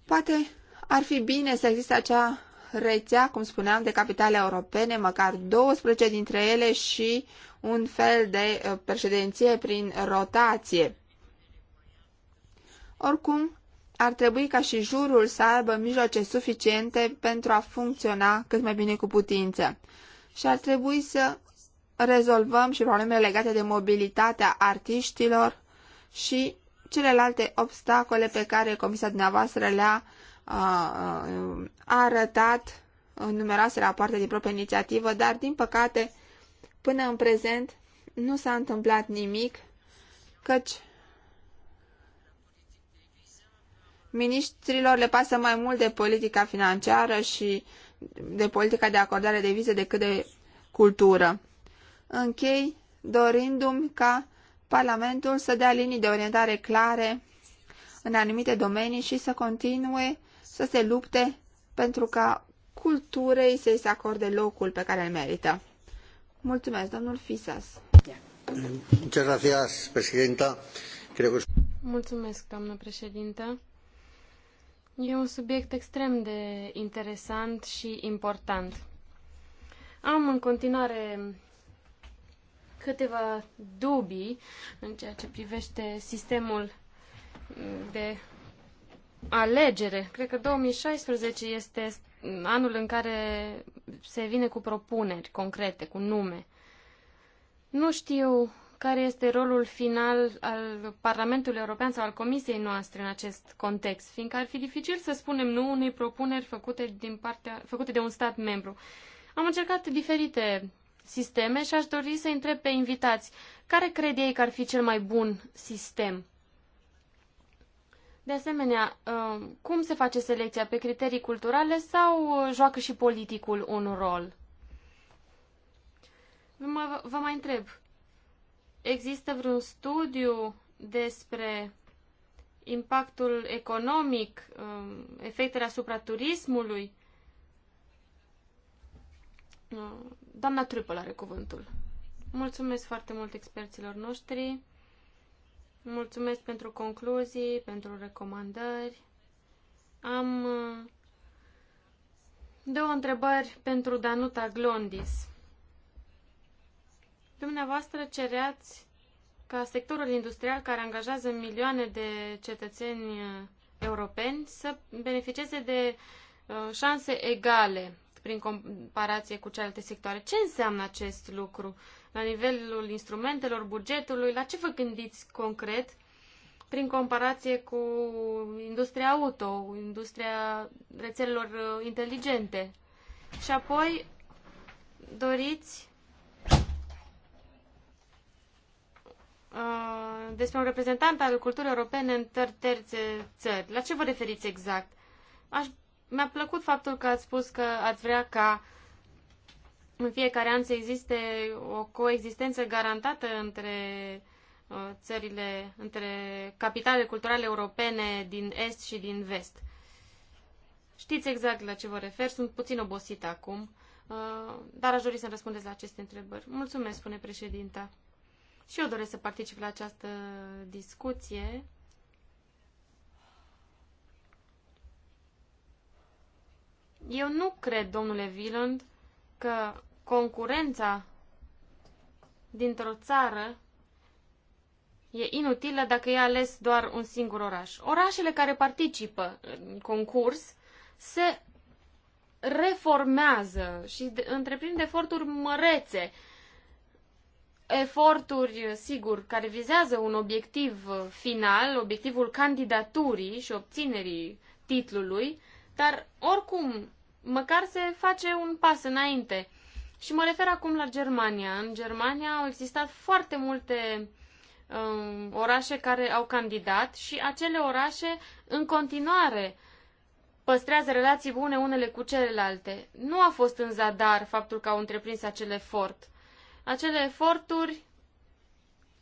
Poate ar fi bine să existe acea rețea, cum spuneam, de capitale europene, măcar 12 dintre ele și un fel de uh, președinție prin rotație. Oricum, ar trebui ca și jurul să aibă mijloace suficiente pentru a funcționa cât mai bine cu putință. Și ar trebui să rezolvăm și problemele legate de mobilitatea artiștilor și celelalte obstacole pe care comisia dumneavoastră le-a arătat în numeroase rapoarte din proprie inițiativă, dar din păcate până în prezent nu s-a întâmplat nimic, căci Ministrilor le pasă mai mult de politica financiară și de politica de acordare de vize decât de cultură. Închei dorindu-mi ca Parlamentul să dea linii de orientare clare în anumite domenii și să continue să se lupte pentru ca culturei să-i se acorde locul pe care îl merită. Mulțumesc, domnul Fisas. Mulțumesc, doamnă președintă. E un subiect extrem de interesant și important. Am în continuare câteva dubii în ceea ce privește sistemul de alegere. Cred că 2016 este anul în care se vine cu propuneri concrete, cu nume. Nu știu care este rolul final al Parlamentului European sau al Comisiei noastre în acest context, fiindcă ar fi dificil să spunem nu unei propuneri făcute, din partea, făcute de un stat membru. Am încercat diferite sisteme și aș dori să întreb pe invitați care cred ei că ar fi cel mai bun sistem. De asemenea, uh, cum se face selecția? Pe criterii culturale sau uh, joacă și politicul un rol? Vă mai întreb, Există vreun studiu despre impactul economic, um, efectele asupra turismului? Doamna Trupăl are cuvântul. Mulțumesc foarte mult experților noștri. Mulțumesc pentru concluzii, pentru recomandări. Am uh, două întrebări pentru Danuta Glondis. Dumneavoastră cereați ca sectorul industrial care angajează milioane de cetățeni uh, europeni să beneficieze de uh, șanse egale prin comparație cu celelalte sectoare. Ce înseamnă acest lucru la nivelul instrumentelor, bugetului? La ce vă gândiți concret prin comparație cu industria auto, industria rețelelor uh, inteligente? Și apoi doriți Uh, despre un reprezentant al culturii europene în terțe țări. La ce vă referiți exact? Aș, mi-a plăcut faptul că ați spus că ați vrea ca în fiecare an să existe o coexistență garantată între uh, țările, între capitalele culturale europene din est și din vest. Știți exact la ce vă refer, sunt puțin obosită acum, uh, dar aș dori să răspundeți la aceste întrebări. Mulțumesc, spune președinta. Și eu doresc să particip la această discuție. Eu nu cred, domnule Wieland, că concurența dintr-o țară e inutilă dacă e ales doar un singur oraș. Orașele care participă în concurs se reformează și întreprind eforturi mărețe uh, eforturi, sigur, care vizează un obiectiv final, obiectivul candidaturii și obținerii titlului, dar oricum, măcar se face un pas înainte. Și mă refer acum la Germania. În Germania au existat foarte multe um, orașe care au candidat și acele orașe în continuare păstrează relații bune unele cu celelalte. Nu a fost în zadar faptul că au întreprins acel efort acele eforturi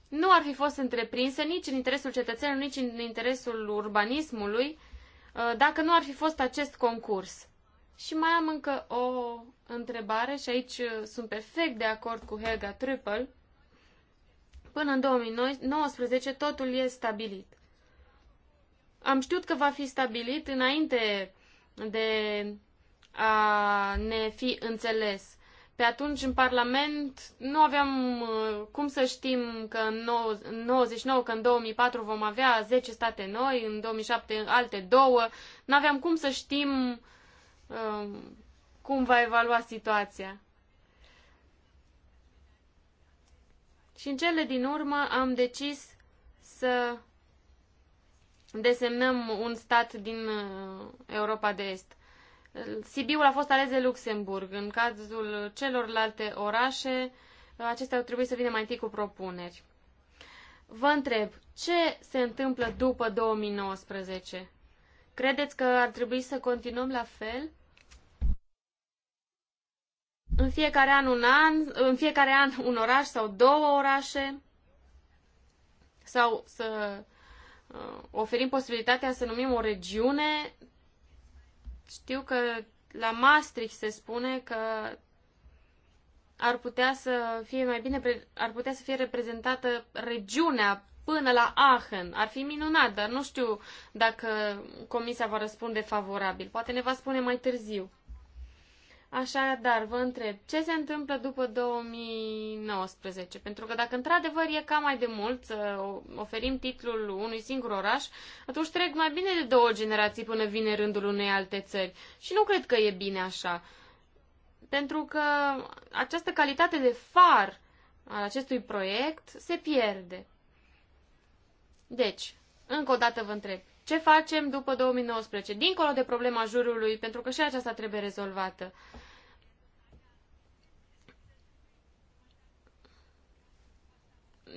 nu ar fi fost întreprinse nici în interesul cetățenilor, nici în interesul urbanismului, uh, dacă nu ar fi fost acest concurs. Și mai am încă o întrebare și aici uh, sunt perfect de acord cu Helga Trüppel. Până în 2019 totul e stabilit. Am știut că va fi stabilit înainte de a ne fi înțeles. Pe atunci, în Parlament, nu aveam uh, cum să știm că în 99, că în 2004 vom avea 10 state noi, în 2007 alte două. Nu aveam cum să știm uh, cum va evalua situația. Și în cele din urmă am decis să desemnăm un stat din uh, Europa de Est. Sibiul a fost ales de Luxemburg. În cazul celorlalte orașe, acestea au trebuit să vină mai întâi cu propuneri. Vă întreb, ce se întâmplă după 2019? Credeți că ar trebui să continuăm la fel? În fiecare an un an, în fiecare an un oraș sau două orașe? Sau să uh, oferim posibilitatea să numim o regiune știu că la Maastricht se spune că ar putea să fie mai bine, ar putea să fie reprezentată regiunea până la Aachen. Ar fi minunat, dar nu știu dacă comisia va răspunde favorabil. Poate ne va spune mai târziu. Așadar, vă întreb, ce se întâmplă după 2019? Pentru că dacă într-adevăr e cam mai de mult să oferim titlul unui singur oraș, atunci trec mai bine de două generații până vine rândul unei alte țări. Și nu cred că e bine așa. Pentru că această calitate de far al acestui proiect se pierde. Deci, încă o dată vă întreb, ce facem după 2019? Dincolo de problema jurului, pentru că și aceasta trebuie rezolvată.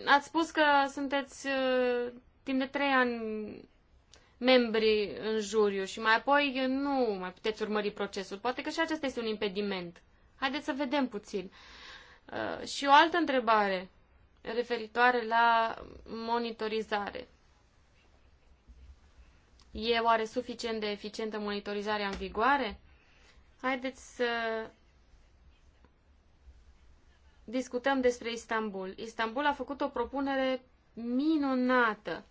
Ați spus că sunteți uh, timp de trei ani membri în juriu și mai apoi nu mai puteți urmări procesul. Poate că și acesta este un impediment. Haideți să vedem puțin. Uh, și o altă întrebare referitoare la monitorizare. E oare suficient de eficientă monitorizarea în vigoare? Haideți să discutăm despre Istanbul. Istanbul a făcut o propunere minunată.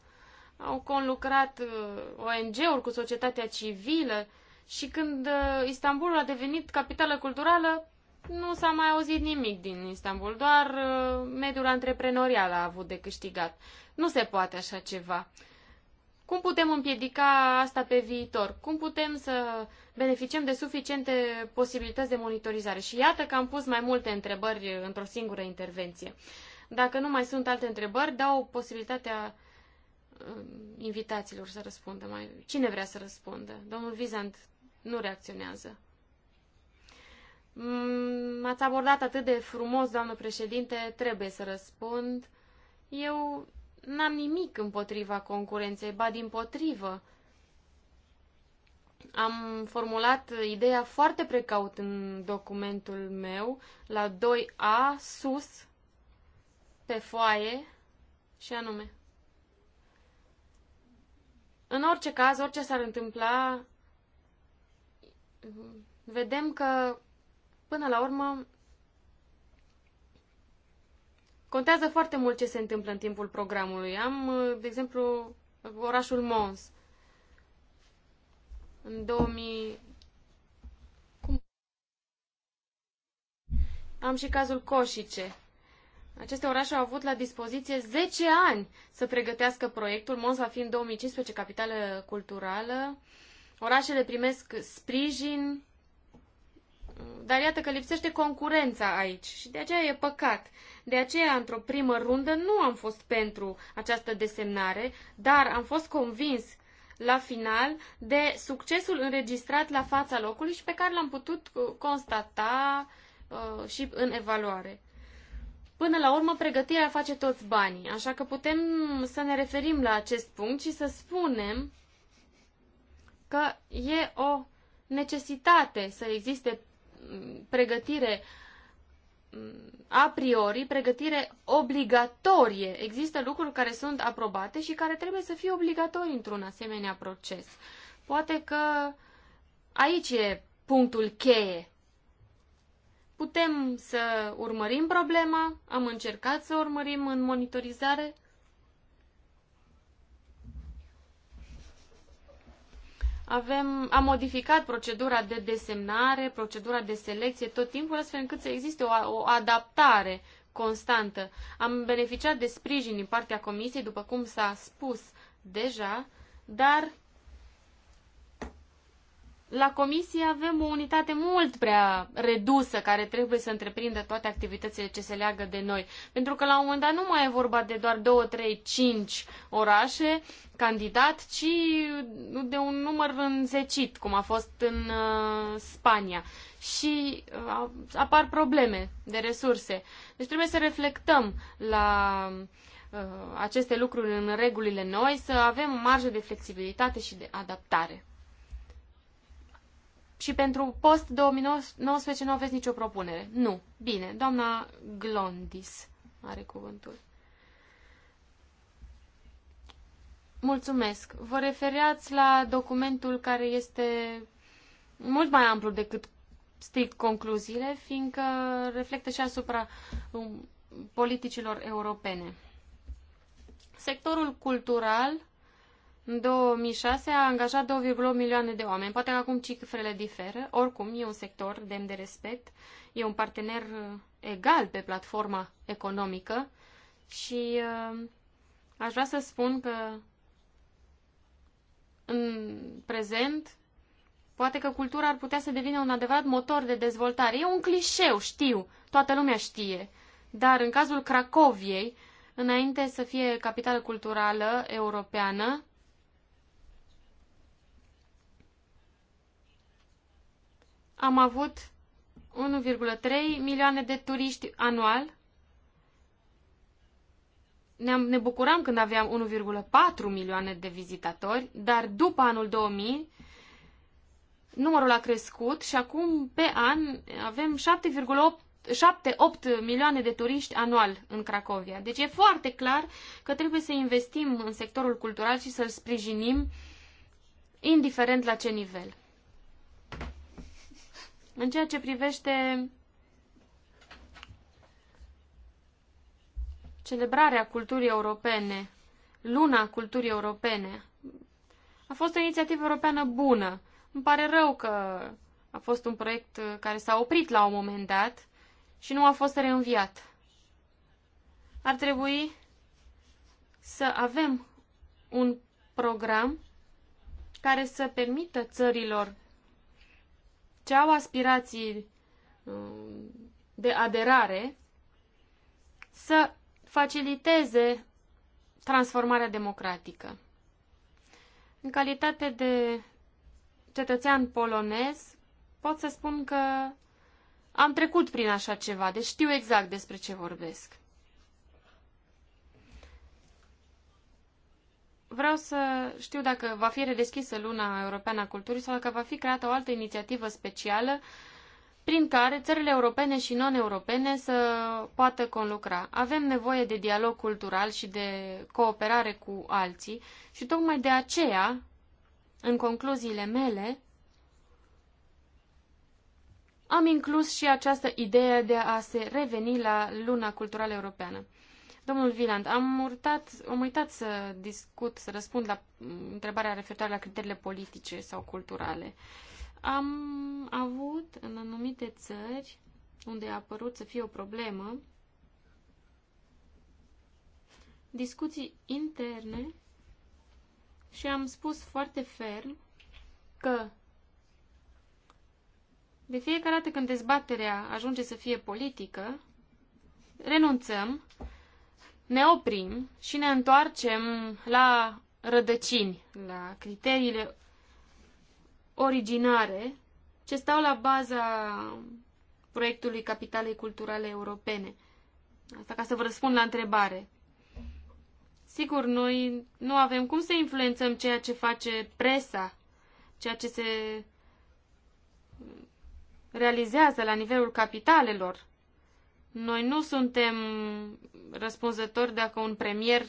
Au conlucrat uh, ONG-uri cu societatea civilă și când uh, Istanbul a devenit capitală culturală, nu s-a mai auzit nimic din Istanbul, doar uh, mediul antreprenorial a avut de câștigat. Nu se poate așa ceva. Cum putem împiedica asta pe viitor? Cum putem să beneficiem de suficiente posibilități de monitorizare? Și iată că am pus mai multe întrebări într-o singură intervenție. Dacă nu mai sunt alte întrebări, dau posibilitatea um, invitațiilor să răspundă. Mai... Cine vrea să răspundă? Domnul Vizant nu reacționează. Mm, m-ați abordat atât de frumos, doamnă președinte, trebuie să răspund. Eu n-am nimic împotriva concurenței, ba din potrivă. Am formulat ideea foarte precaut în documentul meu, la 2A, sus, pe foaie, și anume. În orice caz, orice s-ar întâmpla, vedem că, până la urmă, Contează foarte mult ce se întâmplă în timpul programului. Am, uh, de exemplu, orașul Mons. În 2000... Cum? Am și cazul Coșice. Aceste orașe au avut la dispoziție 10 ani să pregătească proiectul. Mons va fi în 2015 capitală culturală. Orașele primesc sprijin dar iată că lipsește concurența aici și de aceea e păcat. De aceea, într-o primă rundă, nu am fost pentru această desemnare, dar am fost convins la final de succesul înregistrat la fața locului și pe care l-am putut uh, constata uh, și în evaluare. Până la urmă, pregătirea face toți banii, așa că putem să ne referim la acest punct și să spunem că e o necesitate să existe pregătire mm, a priori, pregătire obligatorie. Există lucruri care sunt aprobate și care trebuie să fie obligatorii într-un asemenea proces. Poate că aici e punctul cheie. Putem să urmărim problema, am încercat să urmărim în monitorizare, avem, am modificat procedura de desemnare, procedura de selecție tot timpul, astfel încât să existe o, o adaptare constantă. Am beneficiat de sprijin din partea comisiei, după cum s-a spus deja, dar la comisie avem o unitate mult prea redusă care trebuie să întreprindă toate activitățile ce se leagă de noi. Pentru că la un moment dat nu mai e vorba de doar 2, 3, 5 orașe candidat, ci de un număr înzecit, cum a fost în uh, Spania. Și uh, apar probleme de resurse. Deci trebuie să reflectăm la uh, aceste lucruri în regulile noi, să avem marjă de flexibilitate și de adaptare. Și pentru post-2019 nu aveți nicio propunere? Nu. Bine. Doamna Glondis are cuvântul. Mulțumesc. Vă refereați la documentul care este mult mai amplu decât strict concluziile, fiindcă reflectă și asupra um, politicilor europene. Sectorul cultural în 2006 a angajat 2,8 milioane de oameni. Poate că acum cifrele diferă. Oricum, e un sector demn de respect. E un partener uh, egal pe platforma economică. Și uh, aș vrea să spun că în prezent Poate că cultura ar putea să devină un adevărat motor de dezvoltare. E un clișeu, știu, toată lumea știe. Dar în cazul Cracoviei, înainte să fie capitală culturală europeană, am avut 1,3 milioane de turiști anual. Ne-am, ne bucuram când aveam 1,4 milioane de vizitatori, dar după anul 2000 numărul a crescut și acum pe an avem 7,8 milioane de turiști anual în Cracovia. Deci e foarte clar că trebuie să investim în sectorul cultural și să-l sprijinim indiferent la ce nivel. În ceea ce privește celebrarea culturii europene, luna culturii europene, a fost o inițiativă europeană bună. Îmi pare rău că a fost un proiect care s-a oprit la un moment dat și nu a fost reînviat. Ar trebui să avem un program care să permită țărilor ce au aspirații um, de aderare să faciliteze transformarea democratică. În calitate de cetățean polonez, pot să spun că am trecut prin așa ceva, deci știu exact despre ce vorbesc. Vreau să știu dacă va fi redeschisă Luna Europeană a Culturii sau dacă va fi creată o altă inițiativă specială prin care țările europene și non-europene să poată conlucra. Avem nevoie de dialog cultural și de cooperare cu alții și tocmai de aceea, în concluziile mele, am inclus și această idee de a se reveni la luna culturală europeană. Domnul Viland, am, urtat, am uitat să discut, să răspund la întrebarea referitoare la criteriile politice sau culturale. Am avut în anumite țări unde a apărut să fie o problemă discuții interne și am spus foarte ferm că de fiecare dată când dezbaterea ajunge să fie politică, renunțăm ne oprim și ne întoarcem la rădăcini, la criteriile originare ce stau la baza proiectului Capitalei Culturale Europene. Asta ca să vă răspund la întrebare. Sigur, noi nu avem cum să influențăm ceea ce face presa, ceea ce se realizează la nivelul capitalelor. Noi nu suntem răspunzători dacă un premier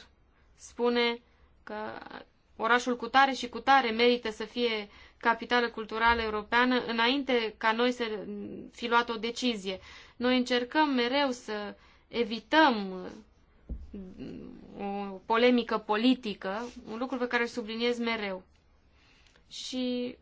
spune că orașul tare și tare merită să fie capitală culturală europeană înainte ca noi să fi luat o decizie. Noi încercăm mereu să evităm o polemică politică, un lucru pe care îl subliniez mereu. Și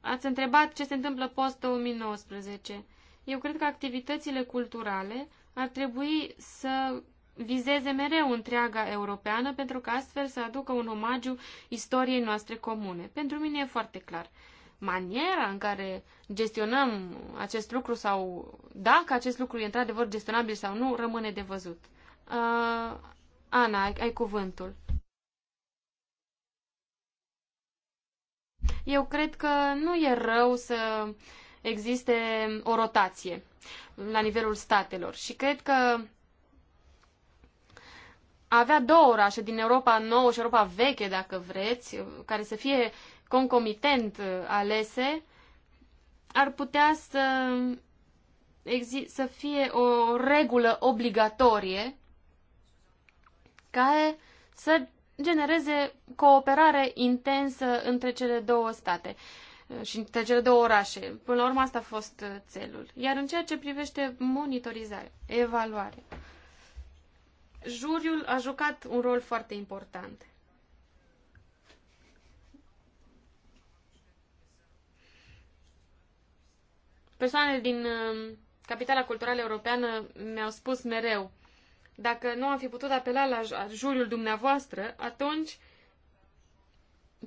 ați întrebat ce se întâmplă post-2019. Eu cred că activitățile culturale ar trebui să vizeze mereu întreaga europeană, pentru că astfel să aducă un omagiu istoriei noastre comune. Pentru mine e foarte clar. Maniera în care gestionăm acest lucru sau dacă acest lucru e într-adevăr gestionabil sau nu, rămâne de văzut. Uh, Ana, ai, ai cuvântul. Eu cred că nu e rău să existe o rotație la nivelul statelor. Și cred că avea două orașe din Europa nouă și Europa veche, dacă vreți, care să fie concomitent uh, alese, ar putea să, să fie o regulă obligatorie care să genereze cooperare intensă între cele două state. Uh, și trecerea de orașe. Până la urmă asta a fost uh, țelul. Iar în ceea ce privește monitorizare, evaluare, juriul a jucat un rol foarte important. Persoanele din uh, capitala culturală europeană mi-au spus mereu, dacă nu am fi putut apela la juriul dumneavoastră, atunci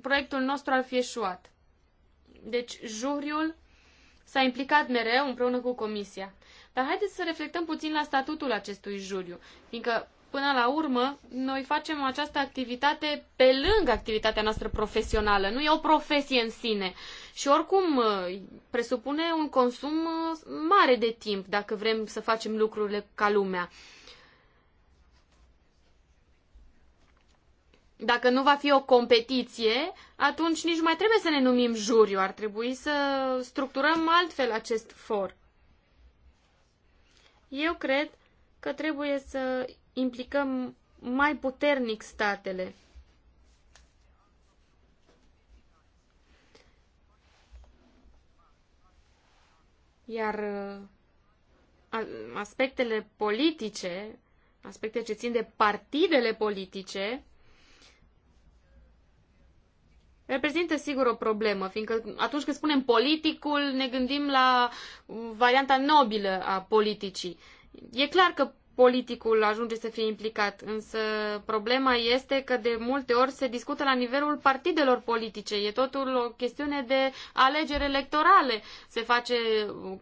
proiectul nostru ar fi eșuat. Deci juriul s-a implicat mereu împreună cu comisia. Dar haideți să reflectăm puțin la statutul acestui juriu, fiindcă până la urmă noi facem această activitate pe lângă activitatea noastră profesională. Nu e o profesie în sine. Și oricum ă, presupune un consum ă, mare de timp dacă vrem să facem lucrurile ca lumea. Dacă nu va fi o competiție, atunci nici nu mai trebuie să ne numim juriu. Ar trebui să structurăm altfel acest for. Eu cred că trebuie să implicăm mai puternic statele. Iar uh, aspectele politice, aspecte ce țin de partidele politice, reprezintă sigur o problemă, fiindcă atunci când spunem politicul, ne gândim la varianta nobilă a politicii. E clar că politicul ajunge să fie implicat, însă problema este că de multe ori se discută la nivelul partidelor politice. E totul o chestiune de alegeri electorale. Se face,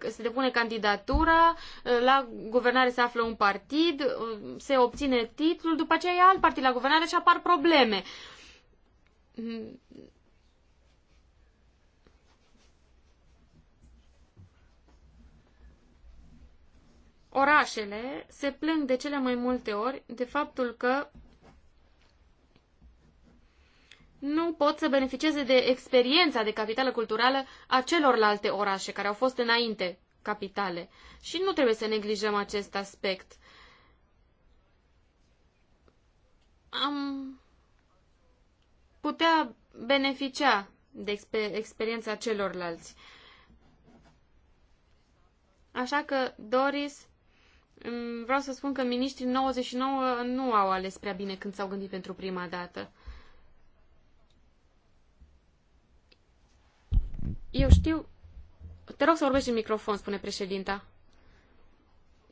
se depune candidatura, la guvernare se află un partid, se obține titlul, după aceea e alt partid la guvernare și apar probleme. Mm. orașele se plâng de cele mai multe ori de faptul că nu pot să beneficieze de experiența de capitală culturală a celorlalte orașe care au fost înainte capitale. Și nu trebuie să neglijăm acest aspect. Am putea beneficia de exper experiența celorlalți. Așa că, Doris, vreau să spun că miniștrii 99 nu au ales prea bine când s-au gândit pentru prima dată. Eu știu... Te rog să vorbești în microfon, spune președinta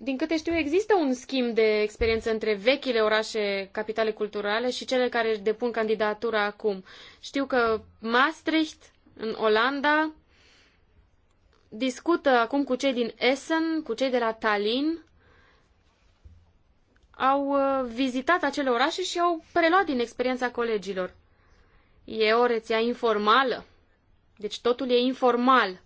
din câte știu, există un schimb de experiență între vechile orașe capitale culturale și cele care depun candidatura acum. Știu că Maastricht, în Olanda, discută acum cu cei din Essen, cu cei de la Tallinn, au uh, vizitat acele orașe și au preluat din experiența colegilor. E o rețea informală, deci totul e informal.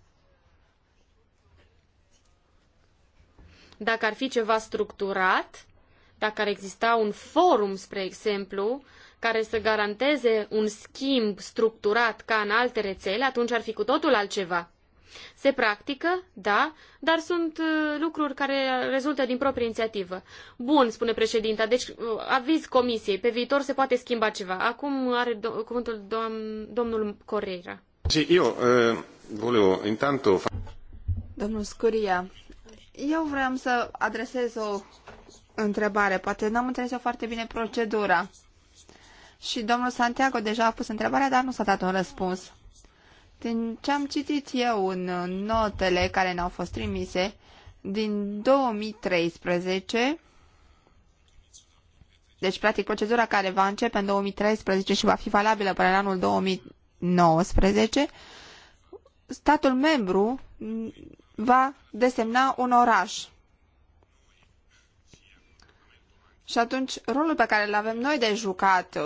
Dacă ar fi ceva structurat, dacă ar exista un forum, spre exemplu, care să garanteze un schimb structurat ca în alte rețele, atunci ar fi cu totul altceva. Se practică, da, dar sunt uh, lucruri care rezultă din proprie inițiativă. Bun, spune președinta, deci uh, aviz comisiei, pe viitor se poate schimba ceva. Acum are do cuvântul dom- domnul Correira. Și eu, uh, voleu, intanto... Domnul Scuria, eu vreau să adresez o întrebare. Poate n-am înțeles eu foarte bine procedura. Și domnul Santiago deja a pus întrebarea, dar nu s-a dat un răspuns. Din ce am citit eu în notele care ne-au fost trimise, din 2013, deci practic procedura care va începe în 2013 și va fi valabilă până în anul 2019, statul membru va desemna un oraș. Și atunci, rolul pe care îl avem noi de jucat,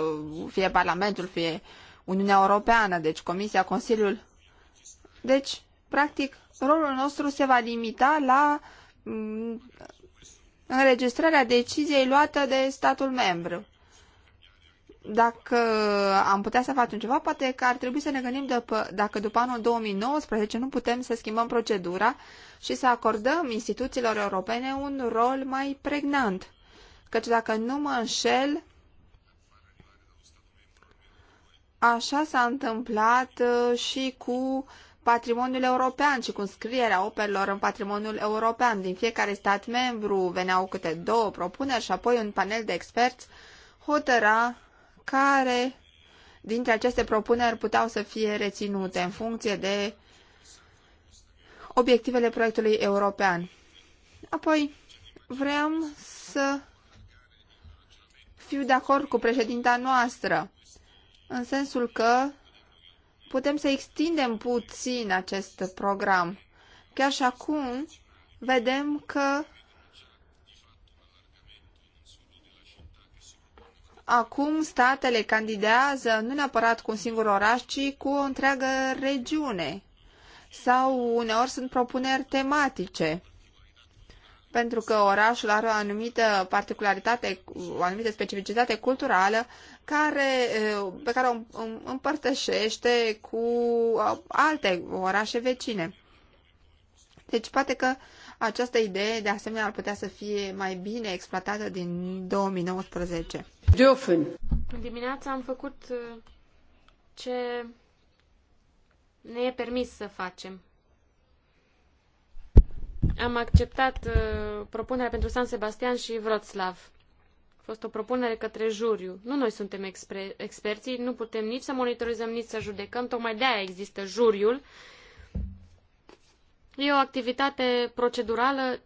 fie Parlamentul, fie Uniunea Europeană, deci Comisia, Consiliul, deci, practic, rolul nostru se va limita la mm, înregistrarea deciziei luată de statul membru dacă am putea să facem ceva, poate că ar trebui să ne gândim după, dacă după anul 2019 nu putem să schimbăm procedura și să acordăm instituțiilor europene un rol mai pregnant. Căci dacă nu mă înșel, așa s-a întâmplat uh, și cu patrimoniul european și cu înscrierea operelor în patrimoniul european. Din fiecare stat membru veneau câte două propuneri și apoi un panel de experți hotăra care dintre aceste propuneri puteau să fie reținute în funcție de obiectivele proiectului european. Apoi, vrem să fiu de acord cu președinta noastră, în sensul că putem să extindem puțin acest program. Chiar și acum vedem că Acum statele candidează nu neapărat cu un singur oraș, ci cu o întreagă regiune. Sau uneori sunt propuneri tematice. Pentru că orașul are o anumită particularitate, o anumită specificitate culturală care, eh, pe care o împărtășește cu uh, alte orașe vecine. Deci poate că uh, această idee, de asemenea, ar putea să fie mai bine exploatată din 2019. Dürfen. Dimineața am făcut uh, ce ne e permis să facem. Am acceptat uh, propunerea pentru San Sebastian și Wroclaw. A fost o propunere către juriu. Nu noi suntem exper- experții, nu putem nici să monitorizăm, nici să judecăm, tocmai de-aia există juriul E o activitate procedurală,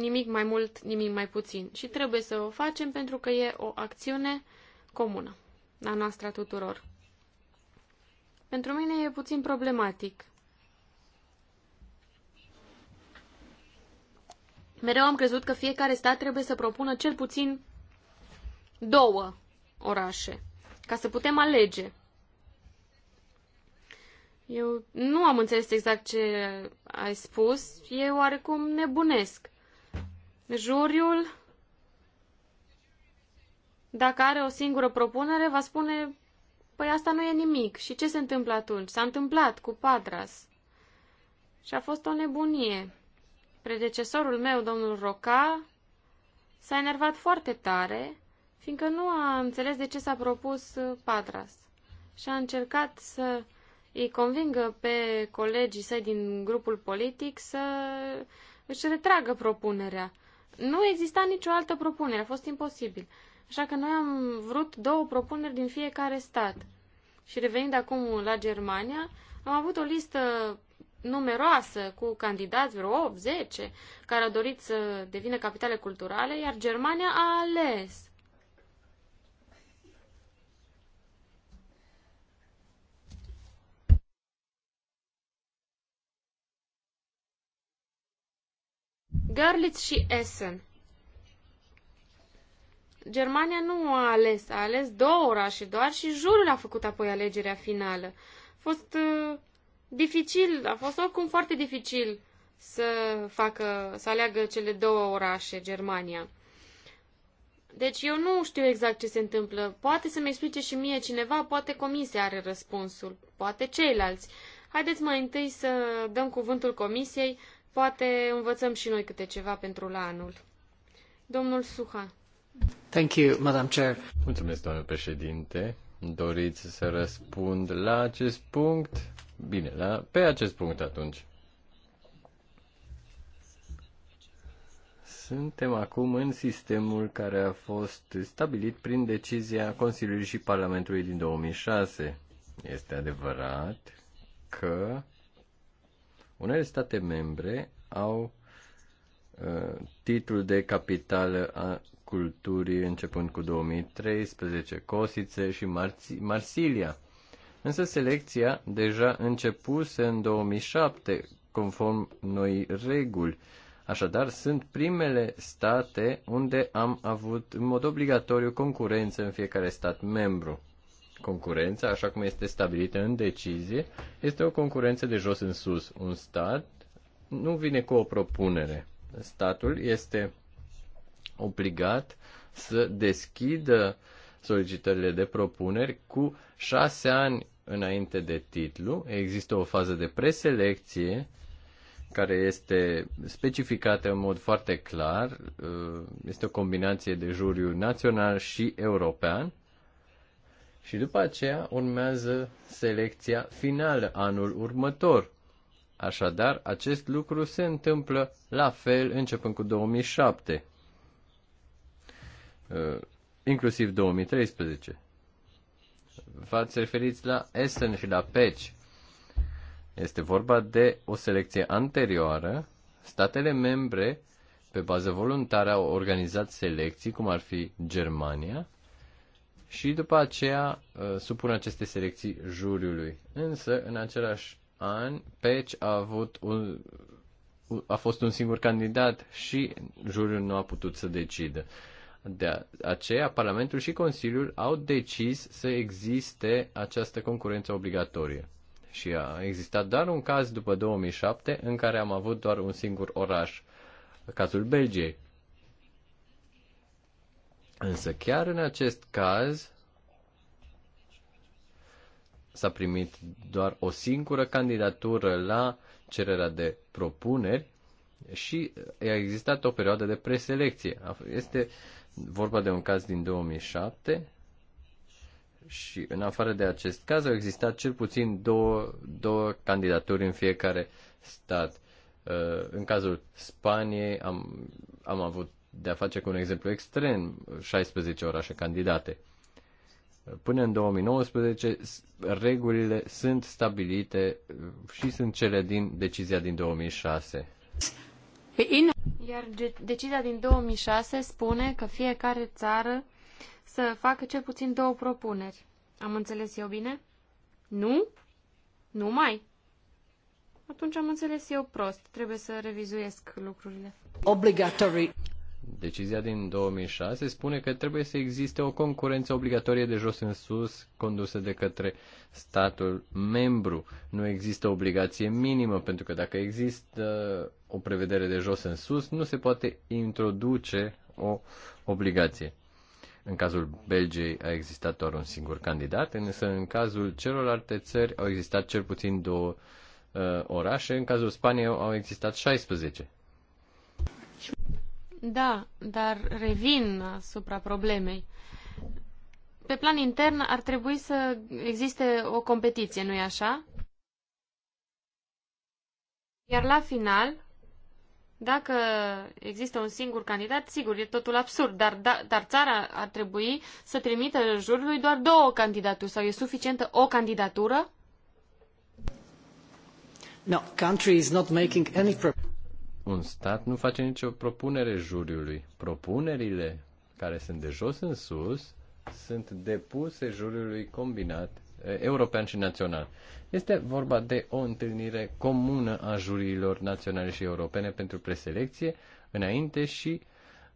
nimic mai mult, nimic mai puțin. Și trebuie să o facem pentru că e o acțiune comună a noastră a tuturor. Pentru mine e puțin problematic. Mereu am crezut că fiecare stat trebuie să propună cel puțin două orașe, ca să putem alege. Eu nu am înțeles exact ce ai spus. E oarecum nebunesc. Juriul, dacă are o singură propunere, va spune, păi asta nu e nimic. Și ce se întâmplă atunci? S-a întâmplat cu Padras. Și a fost o nebunie. Predecesorul meu, domnul Roca, s-a enervat foarte tare, fiindcă nu a înțeles de ce s-a propus uh, Padras. Și a încercat să îi convingă pe colegii săi din grupul politic să își retragă propunerea. Nu exista nicio altă propunere, a fost imposibil. Așa că noi am vrut două propuneri din fiecare stat. Și revenind acum la Germania, am avut o listă numeroasă cu candidați, vreo 8-10, care au dorit să devină capitale culturale, iar Germania a ales Görlitz și Essen. Germania nu a ales, a ales două orașe doar și jurul a făcut apoi alegerea finală. A fost uh, dificil, a fost oricum foarte dificil să facă, să aleagă cele două orașe, Germania. Deci eu nu știu exact ce se întâmplă. Poate să-mi explice și mie cineva, poate comisia are răspunsul, poate ceilalți. Haideți mai întâi să dăm cuvântul comisiei, Poate învățăm și noi câte ceva pentru la anul. Domnul Suha. Thank you, Madam Chair. Mulțumesc, domnule președinte. Doriți să răspund la acest punct? Bine, la, pe acest punct atunci. Suntem acum în sistemul care a fost stabilit prin decizia Consiliului și Parlamentului din 2006. Este adevărat că unele state membre au uh, titlul de capitală a culturii începând cu 2013, Cosițe și Marți- Marsilia. Însă selecția deja începuse în 2007, conform noi reguli. Așadar, sunt primele state unde am avut în mod obligatoriu concurență în fiecare stat membru. Concurența, așa cum este stabilită în decizie, este o concurență de jos în sus. Un stat nu vine cu o propunere. Statul este obligat să deschidă solicitările de propuneri cu șase ani înainte de titlu. Există o fază de preselecție care este specificată în mod foarte clar. Este o combinație de juriu național și european și după aceea urmează selecția finală anul următor. Așadar, acest lucru se întâmplă la fel începând cu 2007, uh, inclusiv 2013. V-ați referit la Essen și la Peci. Este vorba de o selecție anterioară. Statele membre, pe bază voluntară, au organizat selecții, cum ar fi Germania, și după aceea uh, supun aceste selecții juriului. Însă, în același an, Peci a avut un, a fost un singur candidat și juriul nu a putut să decidă. De aceea, Parlamentul și Consiliul au decis să existe această concurență obligatorie. Și a existat doar un caz după 2007 în care am avut doar un singur oraș, cazul Belgiei. Însă chiar în acest caz s-a primit doar o singură candidatură la cererea de propuneri și a existat o perioadă de preselecție. Este vorba de un caz din 2007 și în afară de acest caz au existat cel puțin două, două candidaturi în fiecare stat. Uh, în cazul Spaniei am, am avut de a face cu un exemplu extrem, 16 orașe candidate. Până în 2019, regulile sunt stabilite uh, și sunt cele din decizia din 2006. Iar decizia din 2006 spune că fiecare țară să facă cel puțin două propuneri. Am înțeles eu bine? Nu? Nu mai? Atunci am înțeles eu prost. Trebuie să revizuiesc lucrurile. Obligatory. Decizia din 2006 spune că trebuie să existe o concurență obligatorie de jos în sus condusă de către statul membru. Nu există obligație minimă, pentru că dacă există o prevedere de jos în sus, nu se poate introduce o obligație. În cazul Belgiei a existat doar un singur candidat, însă în cazul celorlalte țări au existat cel puțin două uh, orașe, în cazul Spaniei au existat 16. Da, dar revin asupra problemei. Pe plan intern ar trebui să existe o competiție, nu-i așa? Iar la final, dacă există un singur candidat, sigur, e totul absurd, dar, da, dar țara ar trebui să trimită jurului doar două candidaturi sau e suficientă o candidatură? No, country is not making any un stat nu face nicio propunere juriului. Propunerile care sunt de jos în sus sunt depuse juriului combinat eh, european și național. Este vorba de o întâlnire comună a juriilor naționale și europene pentru preselecție înainte și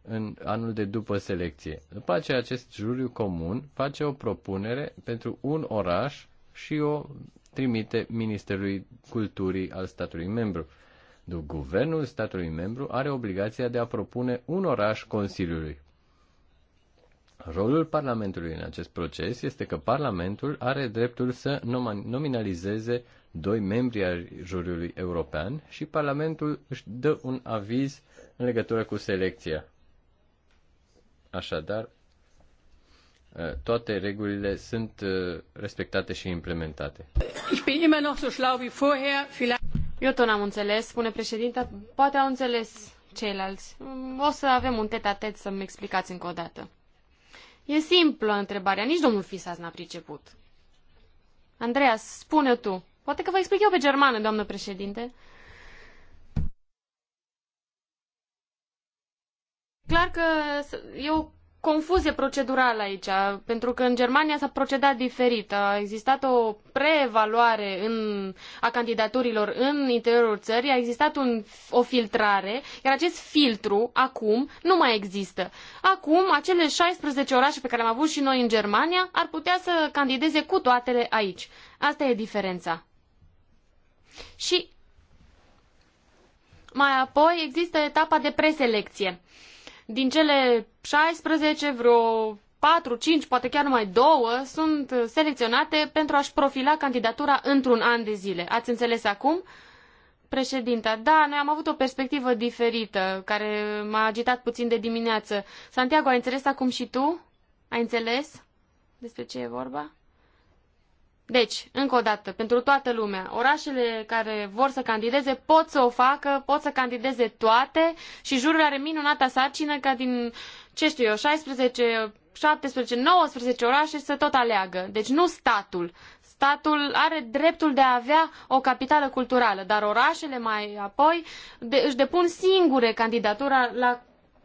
în anul de după selecție. După aceea, acest juriu comun face o propunere pentru un oraș și o trimite Ministerului Culturii al statului membru. Guvernul statului membru are obligația de a propune un oraș Consiliului. Rolul Parlamentului în acest proces este că Parlamentul are dreptul să nominalizeze doi membri ai juriului european și Parlamentul își dă un aviz în legătură cu selecția. Așadar, ă, toate regulile sunt ă, respectate și implementate. Ich bin immer noch so schlau wie vorher. Eu tot n-am înțeles, spune președinta. Poate au înțeles ceilalți. Mm, o să avem un tet-a-tet -tet a tet să mi explicați încă o dată. E simplă întrebarea, nici domnul Fisas n-a priceput. Andreas, spune tu. Poate că vă explic eu pe germană, doamnă președinte. Clar că eu confuzie procedurală aici, pentru că în Germania s-a procedat diferit. A existat o preevaluare în, a candidaturilor în interiorul țării, a existat un, o filtrare, iar acest filtru acum nu mai există. Acum, acele 16 orașe pe care le-am avut și noi în Germania ar putea să candideze cu toatele aici. Asta e diferența. Și mai apoi există etapa de preselecție. Din cele 16, vreo 4, 5, poate chiar numai 2 sunt selecționate pentru a-și profila candidatura într-un an de zile. Ați înțeles acum? Președinta, da, noi am avut o perspectivă diferită, care m-a agitat puțin de dimineață. Santiago, ai înțeles acum și tu? Ai înțeles despre ce e vorba? Deci, încă o dată, pentru toată lumea, orașele care vor să candideze pot să o facă, pot să candideze toate și jurul are minunata sarcină ca din, ce știu eu, 16, 17, 19 orașe să tot aleagă. Deci nu statul. Statul are dreptul de a avea o capitală culturală, dar orașele mai apoi de, își depun singure candidatura la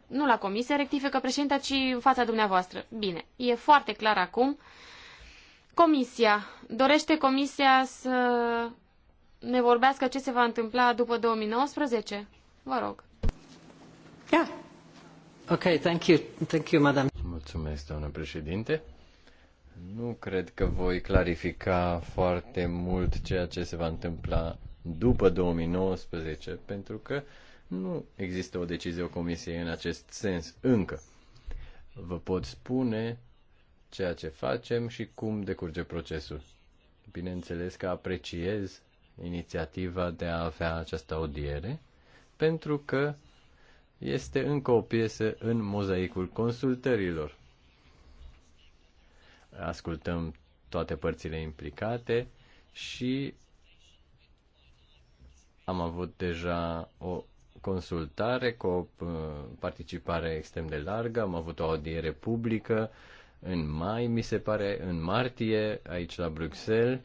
nu la comisie, rectifică președinta, ci în fața dumneavoastră. Bine, e foarte clar acum Comisia. Dorește Comisia să ne vorbească ce se va întâmpla după 2019? Vă rog. Da. Ok, thank you. Thank you, madam. Mulțumesc, doamnă președinte. Nu cred că voi clarifica foarte mult ceea ce se va întâmpla după 2019, pentru că nu există o decizie o comisie în acest sens încă. Vă pot spune ceea ce facem și cum decurge procesul. Bineînțeles că apreciez inițiativa de a avea această audiere, pentru că este încă o piesă în mozaicul consultărilor. Ascultăm toate părțile implicate și am avut deja o consultare cu o uh, participare extrem de largă, am avut o audiere publică, în mai, mi se pare în martie, aici la Bruxelles,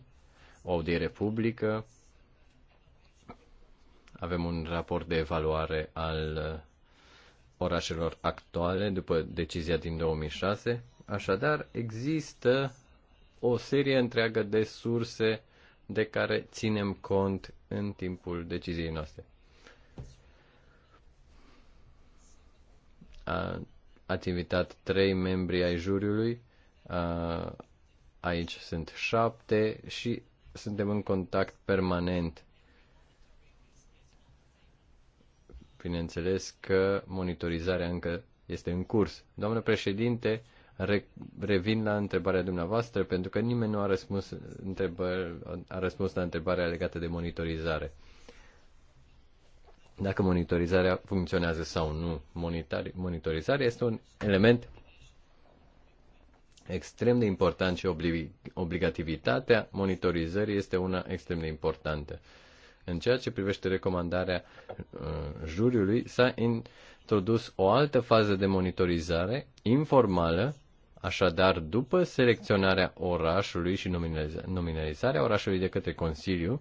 o de Republică. Avem un raport de evaluare al uh, orașelor actuale după decizia din 2006. Așadar, există o serie întreagă de surse de care ținem cont în timpul deciziei noastre. Ați invitat trei membri ai juriului, aici sunt șapte și suntem în contact permanent. Bineînțeles că monitorizarea încă este în curs. Doamnă președinte, re- revin la întrebarea dumneavoastră pentru că nimeni nu a răspuns, întrebă- a răspuns la întrebarea legată de monitorizare dacă monitorizarea funcționează sau nu. Monitorizarea este un element extrem de important și obligativitatea monitorizării este una extrem de importantă. În ceea ce privește recomandarea uh, juriului, s-a introdus o altă fază de monitorizare informală, așadar după selecționarea orașului și nominalizarea orașului de către Consiliu,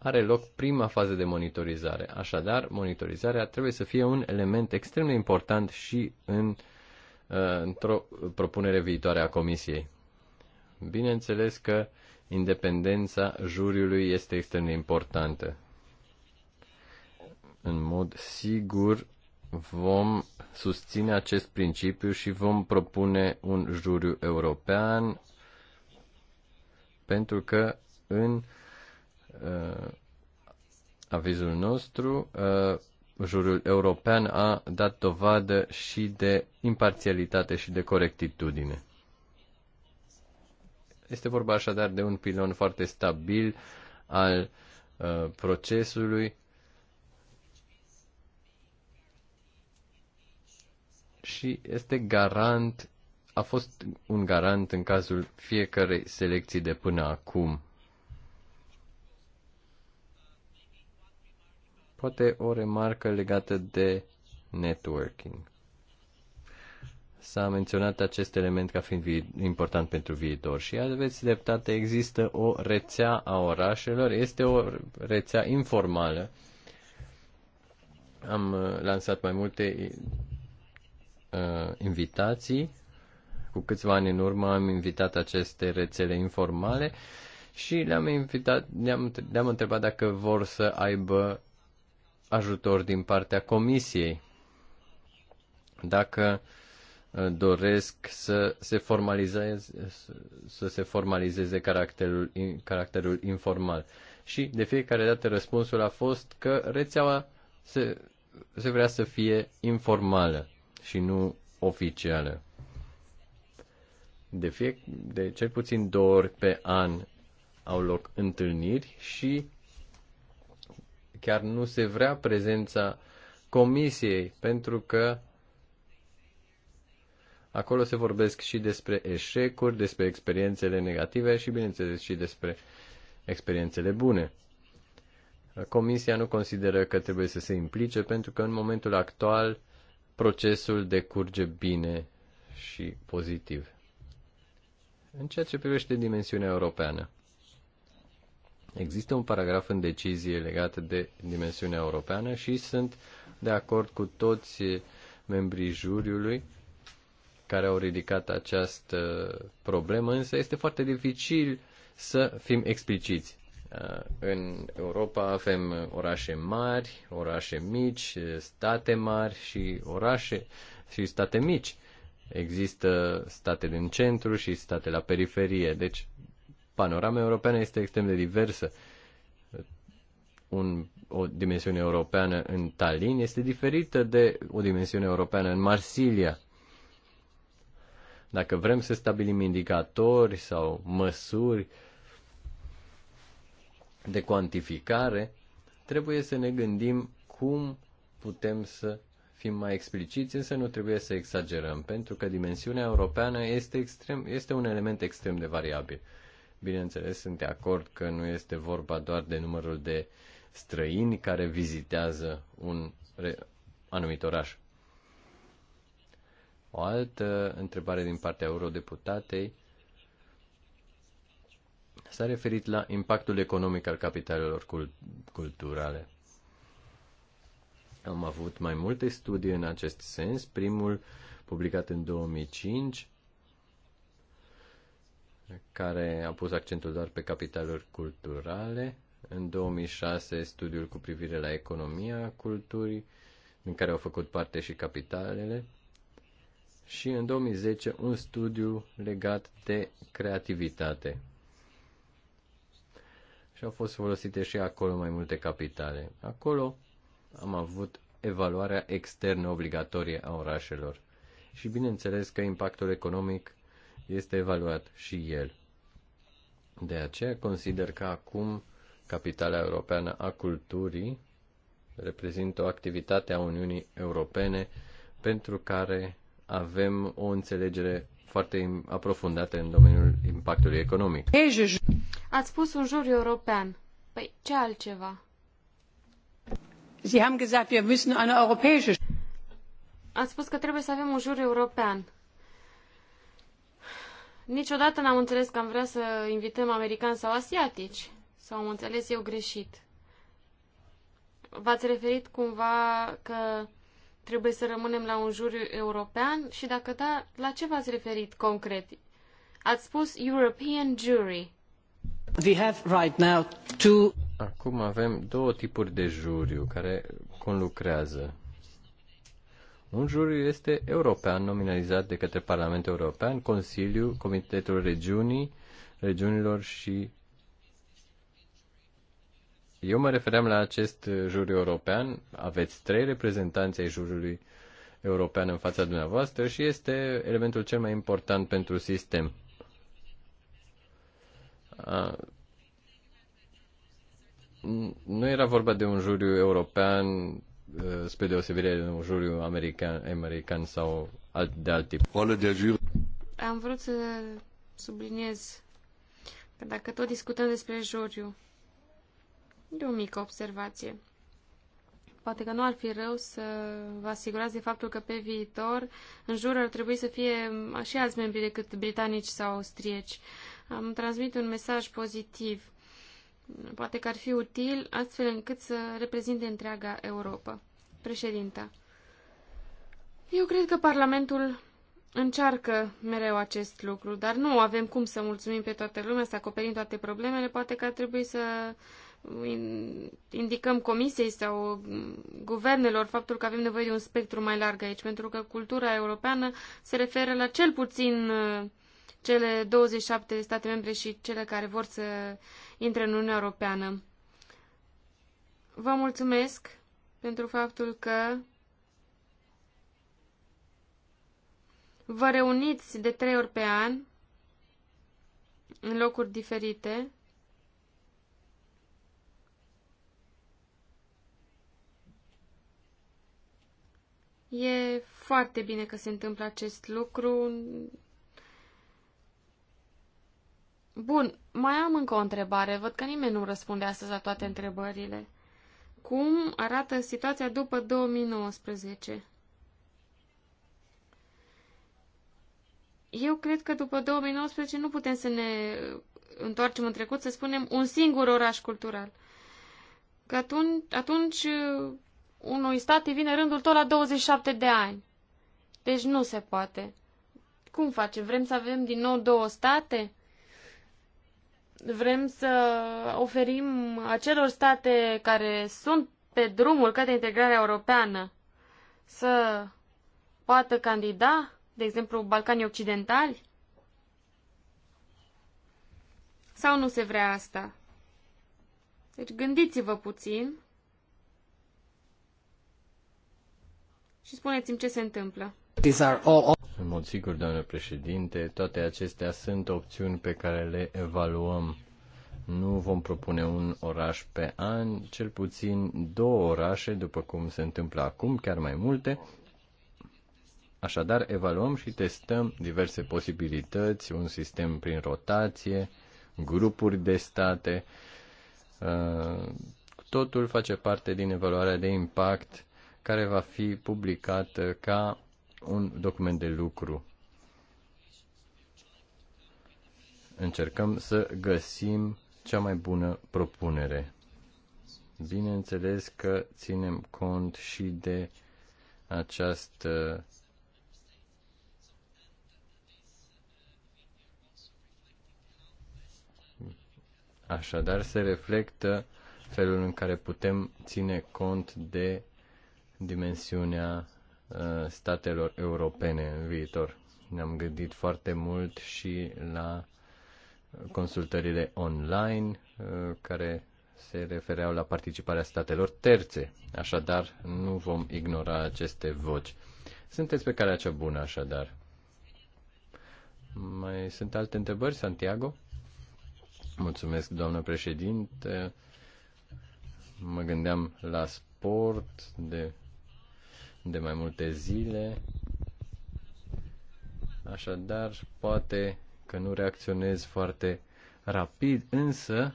are loc prima fază de monitorizare. Așadar, monitorizarea trebuie să fie un element extrem de important și în, uh, într-o propunere viitoare a Comisiei. Bineînțeles că independența juriului este extrem de importantă. În mod sigur vom susține acest principiu și vom propune un juriu european pentru că în uh, uh, avizul nostru, uh, jurul european a dat dovadă și de imparțialitate și de corectitudine. Este vorba așadar de un pilon foarte stabil al uh, procesului și este garant, a fost un garant în cazul fiecărei selecții de până acum Poate o remarcă legată de networking. S-a menționat acest element ca fiind important pentru viitor și aveți dreptate, există o rețea a orașelor, este o rețea informală. Am uh, lansat mai multe uh, invitații. Cu câțiva ani în urmă am invitat aceste rețele informale și le-am invitat, le-am, le-am întrebat dacă vor să aibă ajutor din partea comisiei. Dacă uh, doresc să se formalizeze, să se formalizeze caracterul, caracterul informal. Și de fiecare dată răspunsul a fost că rețeaua se, se vrea să fie informală și nu oficială. De, fie, de cel puțin două ori pe an au loc întâlniri și chiar nu se vrea prezența comisiei, pentru că acolo se vorbesc și despre eșecuri, despre experiențele negative și, bineînțeles, și despre experiențele bune. Comisia nu consideră că trebuie să se implice pentru că în momentul actual procesul decurge bine și pozitiv. În ceea ce privește dimensiunea europeană, Există un paragraf în decizie legat de dimensiunea europeană și sunt de acord cu toți membrii juriului care au ridicat această problemă, însă este foarte dificil să fim expliciți. Uh, în Europa avem orașe mari, orașe mici, state mari și orașe și state mici. Există state din centru și state la periferie, deci Panorama europeană este extrem de diversă. Un, o dimensiune europeană în Tallinn este diferită de o dimensiune europeană în Marsilia. Dacă vrem să stabilim indicatori sau măsuri de cuantificare, trebuie să ne gândim cum putem să fim mai expliciți, însă nu trebuie să exagerăm, pentru că dimensiunea europeană este, extrem, este un element extrem de variabil. Bineînțeles, sunt de acord că nu este vorba doar de numărul de străini care vizitează un anumit oraș. O altă întrebare din partea eurodeputatei s-a referit la impactul economic al capitalelor culturale. Am avut mai multe studii în acest sens, primul publicat în 2005 care a pus accentul doar pe capitaluri culturale. În 2006, studiul cu privire la economia culturii, din care au făcut parte și capitalele. Și în 2010, un studiu legat de creativitate. Și au fost folosite și acolo mai multe capitale. Acolo am avut evaluarea externă obligatorie a orașelor. Și bineînțeles că impactul economic este evaluat și el. De aceea consider că acum Capitala Europeană a Culturii reprezintă o activitate a Uniunii Europene pentru care avem o înțelegere foarte aprofundată în domeniul impactului economic. Ați spus un jur european. Păi ce altceva? Sie haben gesagt, wir müssen eine europäische Ați spus că trebuie să avem un jur european. Niciodată n-am înțeles că am vrea să invităm americani sau asiatici. Sau am înțeles eu greșit. V-ați referit cumva că trebuie să rămânem la un juriu european și dacă da, la ce v-ați referit concret? Ați spus European Jury. We have right now two... Acum avem două tipuri de juriu care conlucrează. Un juriu este european, nominalizat de către Parlamentul European, Consiliu, Comitetul Regiunii, Regiunilor și eu mă refeream la acest juriu european. Aveți trei reprezentanți ai juriului european în fața dumneavoastră și este elementul cel mai important pentru sistem. A... Nu era vorba de un juriu european Uh, spre deosebire de un juriu american, american sau alt, de alt tip. Am vrut să subliniez că dacă tot discutăm despre juriu, e o mică observație. Poate că nu ar fi rău să vă asigurați de faptul că pe viitor în jur ar trebui să fie și alți membri decât britanici sau austrieci. Am transmit un mesaj pozitiv Poate că ar fi util astfel încât să reprezinte întreaga Europa. Președinta. Eu cred că Parlamentul încearcă mereu acest lucru, dar nu avem cum să mulțumim pe toată lumea, să acoperim toate problemele. Poate că ar trebui să indicăm comisiei sau guvernelor faptul că avem nevoie de un spectru mai larg aici, pentru că cultura europeană se referă la cel puțin uh, cele 27 de state membre și cele care vor să intre în Uniunea Europeană. Vă mulțumesc pentru faptul că vă reuniți de trei ori pe an în locuri diferite. E foarte bine că se întâmplă acest lucru. Bun, mai am încă o întrebare. Văd că nimeni nu răspunde astăzi la toate întrebările. Cum arată situația după 2019? Eu cred că după 2019 nu putem să ne întoarcem în trecut, să spunem un singur oraș cultural. Că atunci, atunci unui stat îi vine rândul tot la 27 de ani. Deci nu se poate. Cum facem? Vrem să avem din nou două state? vrem să oferim acelor state care sunt pe drumul către integrarea europeană să poată candida, de exemplu, Balcanii Occidentali? Sau nu se vrea asta? Deci gândiți-vă puțin și spuneți-mi ce se întâmplă. În mod sigur, doamnă președinte, toate acestea sunt opțiuni pe care le evaluăm. Nu vom propune un oraș pe an, cel puțin două orașe, după cum se întâmplă acum, chiar mai multe. Așadar, evaluăm și testăm diverse posibilități, un sistem prin rotație, grupuri de state. Uh, totul face parte din evaluarea de impact care va fi publicată ca un document de lucru. Încercăm să găsim cea mai bună propunere. Bineînțeles că ținem cont și de această Așadar, se reflectă felul în care putem ține cont de dimensiunea Uh, statelor europene în viitor. Ne-am gândit foarte mult și la consultările online uh, care se refereau la participarea statelor terțe. Așadar, nu vom ignora aceste voci. Sunteți pe calea cea bună, așadar. Mai sunt alte întrebări, Santiago? Mulțumesc, doamnă președinte. Mă gândeam la sport de de mai multe zile. Așadar, poate că nu reacționez foarte rapid, însă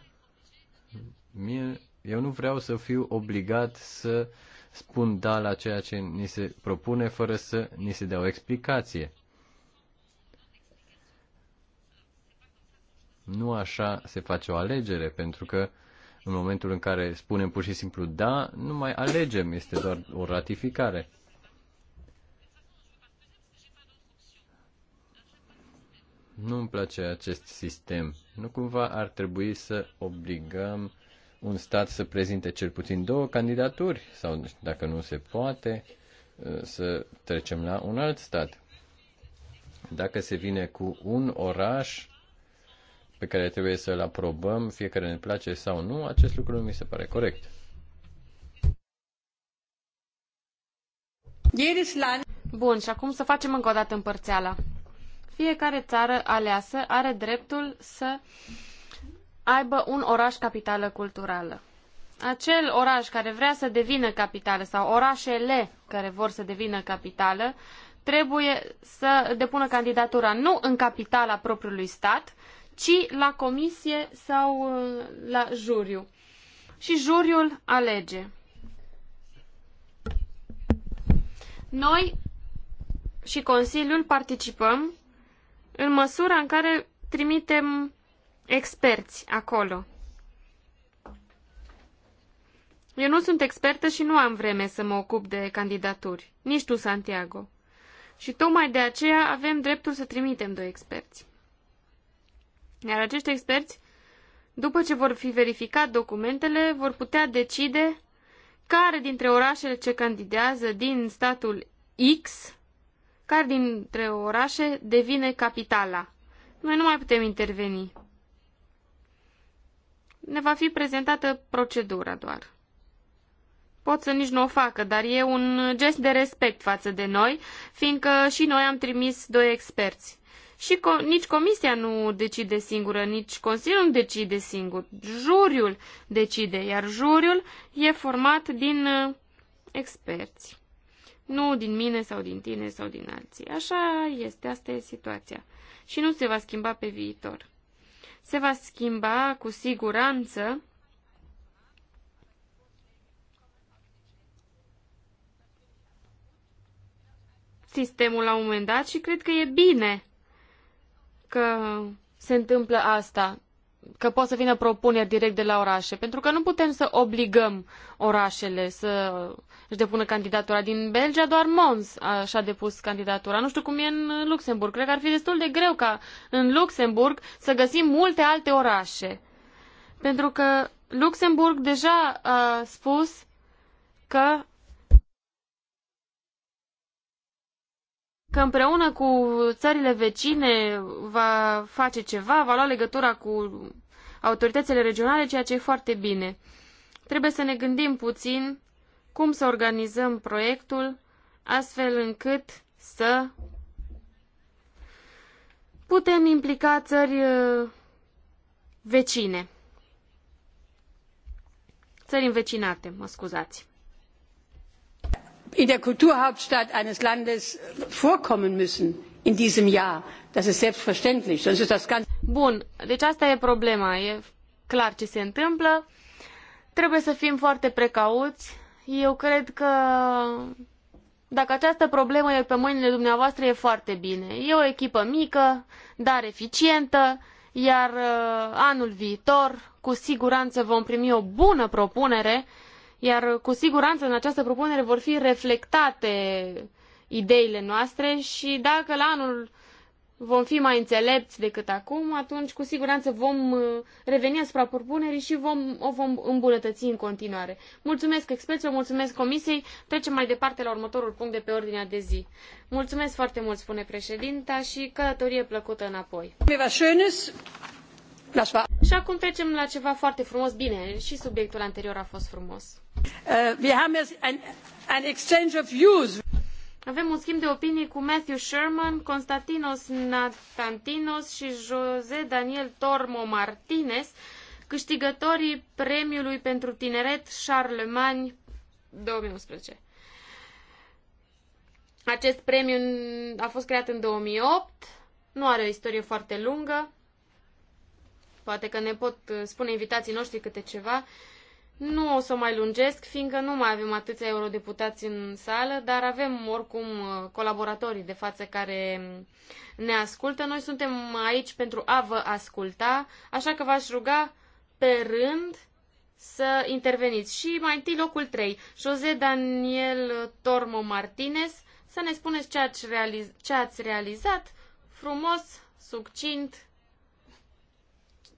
mie, eu nu vreau să fiu obligat să spun da la ceea ce ni se propune fără să ni se dea o explicație. Nu așa se face o alegere, pentru că în momentul în care spunem pur și simplu da, nu mai alegem, este doar o ratificare. Nu îmi place acest sistem. Nu cumva ar trebui să obligăm un stat să prezinte cel puțin două candidaturi sau, dacă nu se poate, să trecem la un alt stat. Dacă se vine cu un oraș pe care trebuie să-l aprobăm, fie că ne place sau nu, acest lucru nu mi se pare corect. Bun, și acum să facem încă o dată împărțeala. Fiecare țară aleasă are dreptul să aibă un oraș capitală culturală. Acel oraș care vrea să devină capitală sau orașele care vor să devină capitală trebuie să depună candidatura nu în capitala propriului stat, ci la comisie sau uh, la juriu. Și juriul alege. Noi și Consiliul participăm în măsura în care trimitem experți acolo. Eu nu sunt expertă și nu am vreme să mă ocup de candidaturi, nici tu, Santiago. Și tocmai de aceea avem dreptul să trimitem doi experți. Iar acești experți, după ce vor fi verificat documentele, vor putea decide care dintre orașele ce candidează din statul X care dintre orașe devine capitala. Noi nu mai putem interveni. Ne va fi prezentată procedura doar. Pot să nici nu o facă, dar e un gest de respect față de noi, fiindcă și noi am trimis doi experți. Și co- nici comisia nu decide singură, nici Consiliul nu decide singur. Juriul decide, iar juriul e format din uh, experți nu din mine sau din tine sau din alții. Așa este, asta e situația. Și nu se va schimba pe viitor. Se va schimba cu siguranță sistemul la un moment dat și cred că e bine că se întâmplă asta, că pot să vină propuneri direct de la orașe, pentru că nu putem să obligăm orașele să își depună candidatura. Din Belgia doar Mons și-a depus candidatura. Nu știu cum e în Luxemburg. Cred că ar fi destul de greu ca în Luxemburg să găsim multe alte orașe. Pentru că Luxemburg deja a spus că că împreună cu țările vecine va face ceva, va lua legătura cu autoritățile regionale, ceea ce e foarte bine. Trebuie să ne gândim puțin cum să organizăm proiectul astfel încât să putem implica țări uh, vecine. Țări învecinate, mă scuzați. In der Kulturhauptstadt eines Landes vorkommen müssen in diesem Jahr. Das ist selbstverständlich. Sonst ist das ganz Bun, deci asta e problema. E clar ce se întâmplă. Trebuie să fim foarte precauți eu cred că dacă această problemă e pe mâinile dumneavoastră, e foarte bine. E o echipă mică, dar eficientă, iar uh, anul viitor, cu siguranță, vom primi o bună propunere, iar cu siguranță în această propunere vor fi reflectate ideile noastre și dacă la anul vom fi mai înțelepți decât acum, atunci cu siguranță vom uh, reveni asupra propunerii și vom, o vom îmbunătăți în continuare. Mulțumesc experților, mulțumesc comisiei. Trecem mai departe la următorul punct de pe ordinea de zi. Mulțumesc foarte mult, spune președinta, și călătorie plăcută înapoi. Și acum trecem la ceva foarte frumos. Bine, și subiectul anterior a fost frumos. Uh, avem un schimb de opinii cu Matthew Sherman, Constantinos Natantinos și José Daniel Tormo Martinez, câștigătorii premiului pentru tineret Charlemagne 2011. Acest premiu a fost creat în 2008, nu are o istorie foarte lungă, poate că ne pot uh, spune invitații noștri câte ceva, nu o să mai lungesc, fiindcă nu mai avem atâția eurodeputați în sală, dar avem oricum uh, colaboratorii de față care ne ascultă. Noi suntem aici pentru a vă asculta, așa că v-aș ruga pe rând să interveniți. Și mai întâi locul 3, José Daniel Tormo Martinez, să ne spuneți ce ați, realiz- ce ați realizat frumos, succint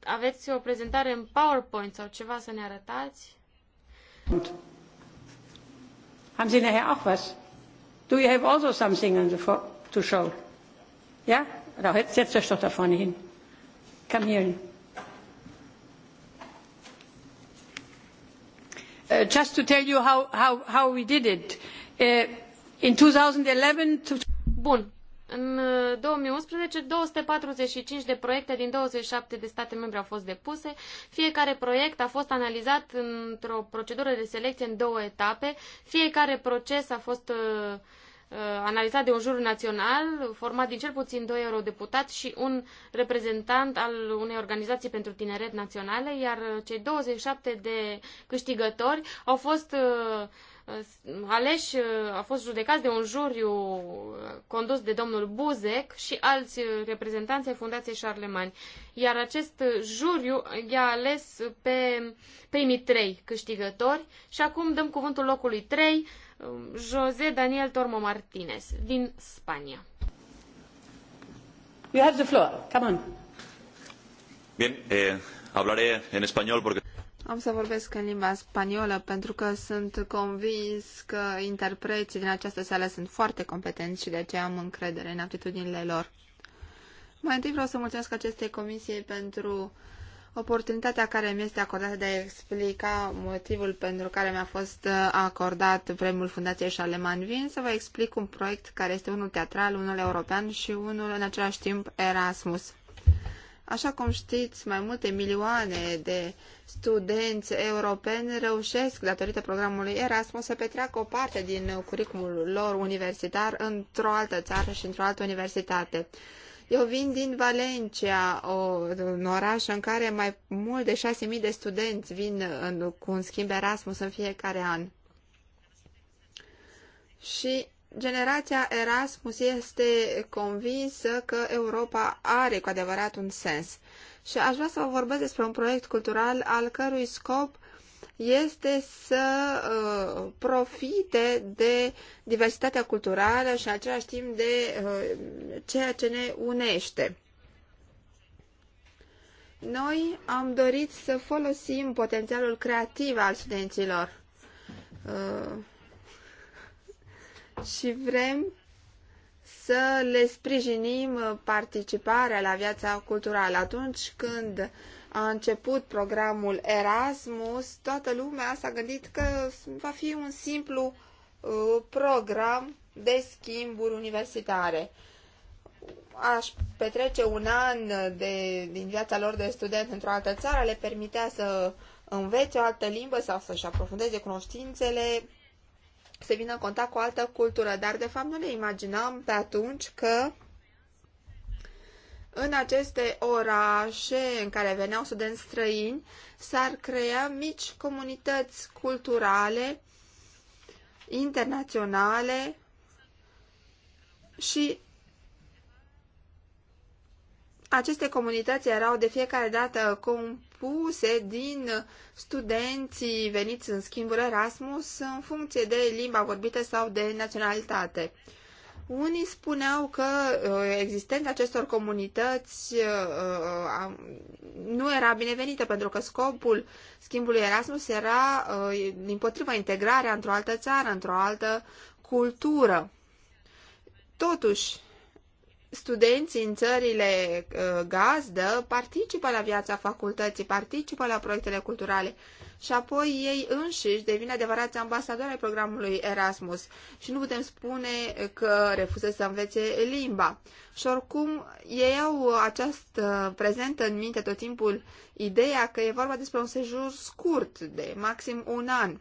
aveți o prezentare în PowerPoint sau ceva să ne arătați? Haben Sie nachher auch was? Do you have also something on the to show? Ja? Da, setzt euch doch da vorne hin. Come here. Uh, just to tell you how, how, how we did it. Uh, in 2011... To... Bun. În 2011, uh, 245 de proiecte din 27 de state membre au fost depuse. Fiecare proiect a fost analizat într-o procedură de selecție în două etape. Fiecare proces a fost uh, uh, analizat de un jur național, format din cel puțin doi eurodeputați și un reprezentant al unei organizații pentru tineret naționale, iar cei 27 de câștigători au fost uh, aleși, uh, a fost judecați de un juriu uh, condus de domnul Buzek și alți uh, reprezentanți ai Fundației Charlemagne. Iar acest juriu i-a ales pe primii trei câștigători și acum dăm cuvântul locului 3, um, José Daniel Tormo Martinez din Spania. You have the floor. Come on. Bien, eh, hablaré en español porque am să vorbesc în limba spaniolă pentru că sunt convins că interpreții din această sală sunt foarte competenți și de aceea am încredere în aptitudinile lor. Mai întâi vreau să mulțumesc acestei comisii pentru oportunitatea care mi este acordată de a explica motivul pentru care mi-a fost uh, acordat premiul Fundației Charlemagne. Vin să vă explic un proiect care este unul teatral, unul european și unul în același timp Erasmus. Așa cum știți, mai multe milioane de studenți europeni reușesc, datorită programului Erasmus, să petreacă o parte din curriculumul lor universitar într-o altă țară și într-o altă universitate. Eu vin din Valencia, o, un oraș în care mai mult de 6.000 de studenți vin în, cu un schimb Erasmus în fiecare an. Și Generația Erasmus este convinsă că Europa are cu adevărat un sens. Și aș vrea să vă vorbesc despre un proiect cultural al cărui scop este să uh, profite de diversitatea culturală și același timp de uh, ceea ce ne unește. Noi am dorit să folosim potențialul creativ al studenților. Uh, și vrem să le sprijinim uh, participarea la viața culturală. Atunci când a început programul Erasmus, toată lumea s-a gândit că va fi un simplu uh, program de schimburi universitare. Aș petrece un an de, din viața lor de student într-o altă țară, le permitea să învețe o altă limbă sau să-și aprofundeze cunoștințele se vină în contact cu o altă cultură, dar de fapt nu ne imaginam pe atunci că în aceste orașe în care veneau studenți străini s-ar crea mici comunități culturale, internaționale și aceste comunități erau de fiecare dată cu puse din studenții veniți în schimbul Erasmus în funcție de limba vorbită sau de naționalitate. Unii spuneau că uh, existența acestor comunități uh, uh, nu era binevenită pentru că scopul schimbului Erasmus era, din potrivă, integrarea într-o altă țară, într-o altă cultură. Totuși, studenții în țările uh, gazdă participă la viața facultății, participă la proiectele culturale și apoi ei înșiși devin adevărați ambasadori ai programului Erasmus și nu putem spune că refuză să învețe limba. Și oricum ei au această prezentă în minte tot timpul ideea că e vorba despre un sejur scurt de maxim un an.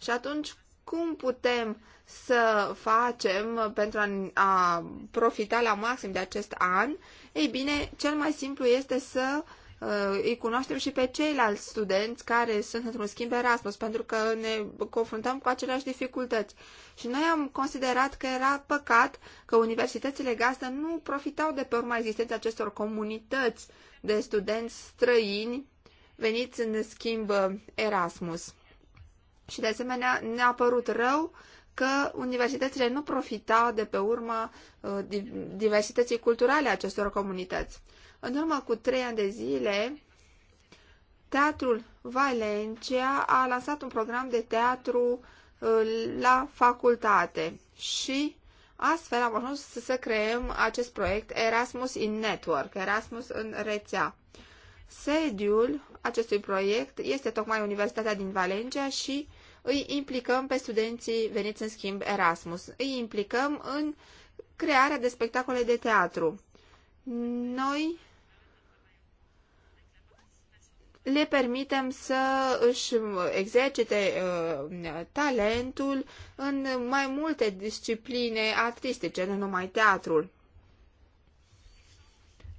Și atunci cum putem să facem pentru a, a profita la maxim de acest an, ei bine, cel mai simplu este să îi cunoaștem și pe ceilalți studenți care sunt într-un schimb Erasmus, pentru că ne confruntăm cu aceleași dificultăți. Și noi am considerat că era păcat că universitățile gazdă nu profitau de pe urma existenței acestor comunități de studenți străini veniți în schimb Erasmus. Și de asemenea ne-a părut rău că universitățile nu profitau de pe urma uh, diversității culturale a acestor comunități. În urmă cu trei ani de zile, Teatrul Valencia a lansat un program de teatru uh, la facultate și astfel am ajuns să creăm acest proiect Erasmus in Network, Erasmus în rețea. Sediul acestui proiect este tocmai Universitatea din Valencia și îi implicăm pe studenții veniți în schimb Erasmus, îi implicăm în crearea de spectacole de teatru. Noi le permitem să își exercite uh, talentul în mai multe discipline artistice, nu numai teatrul.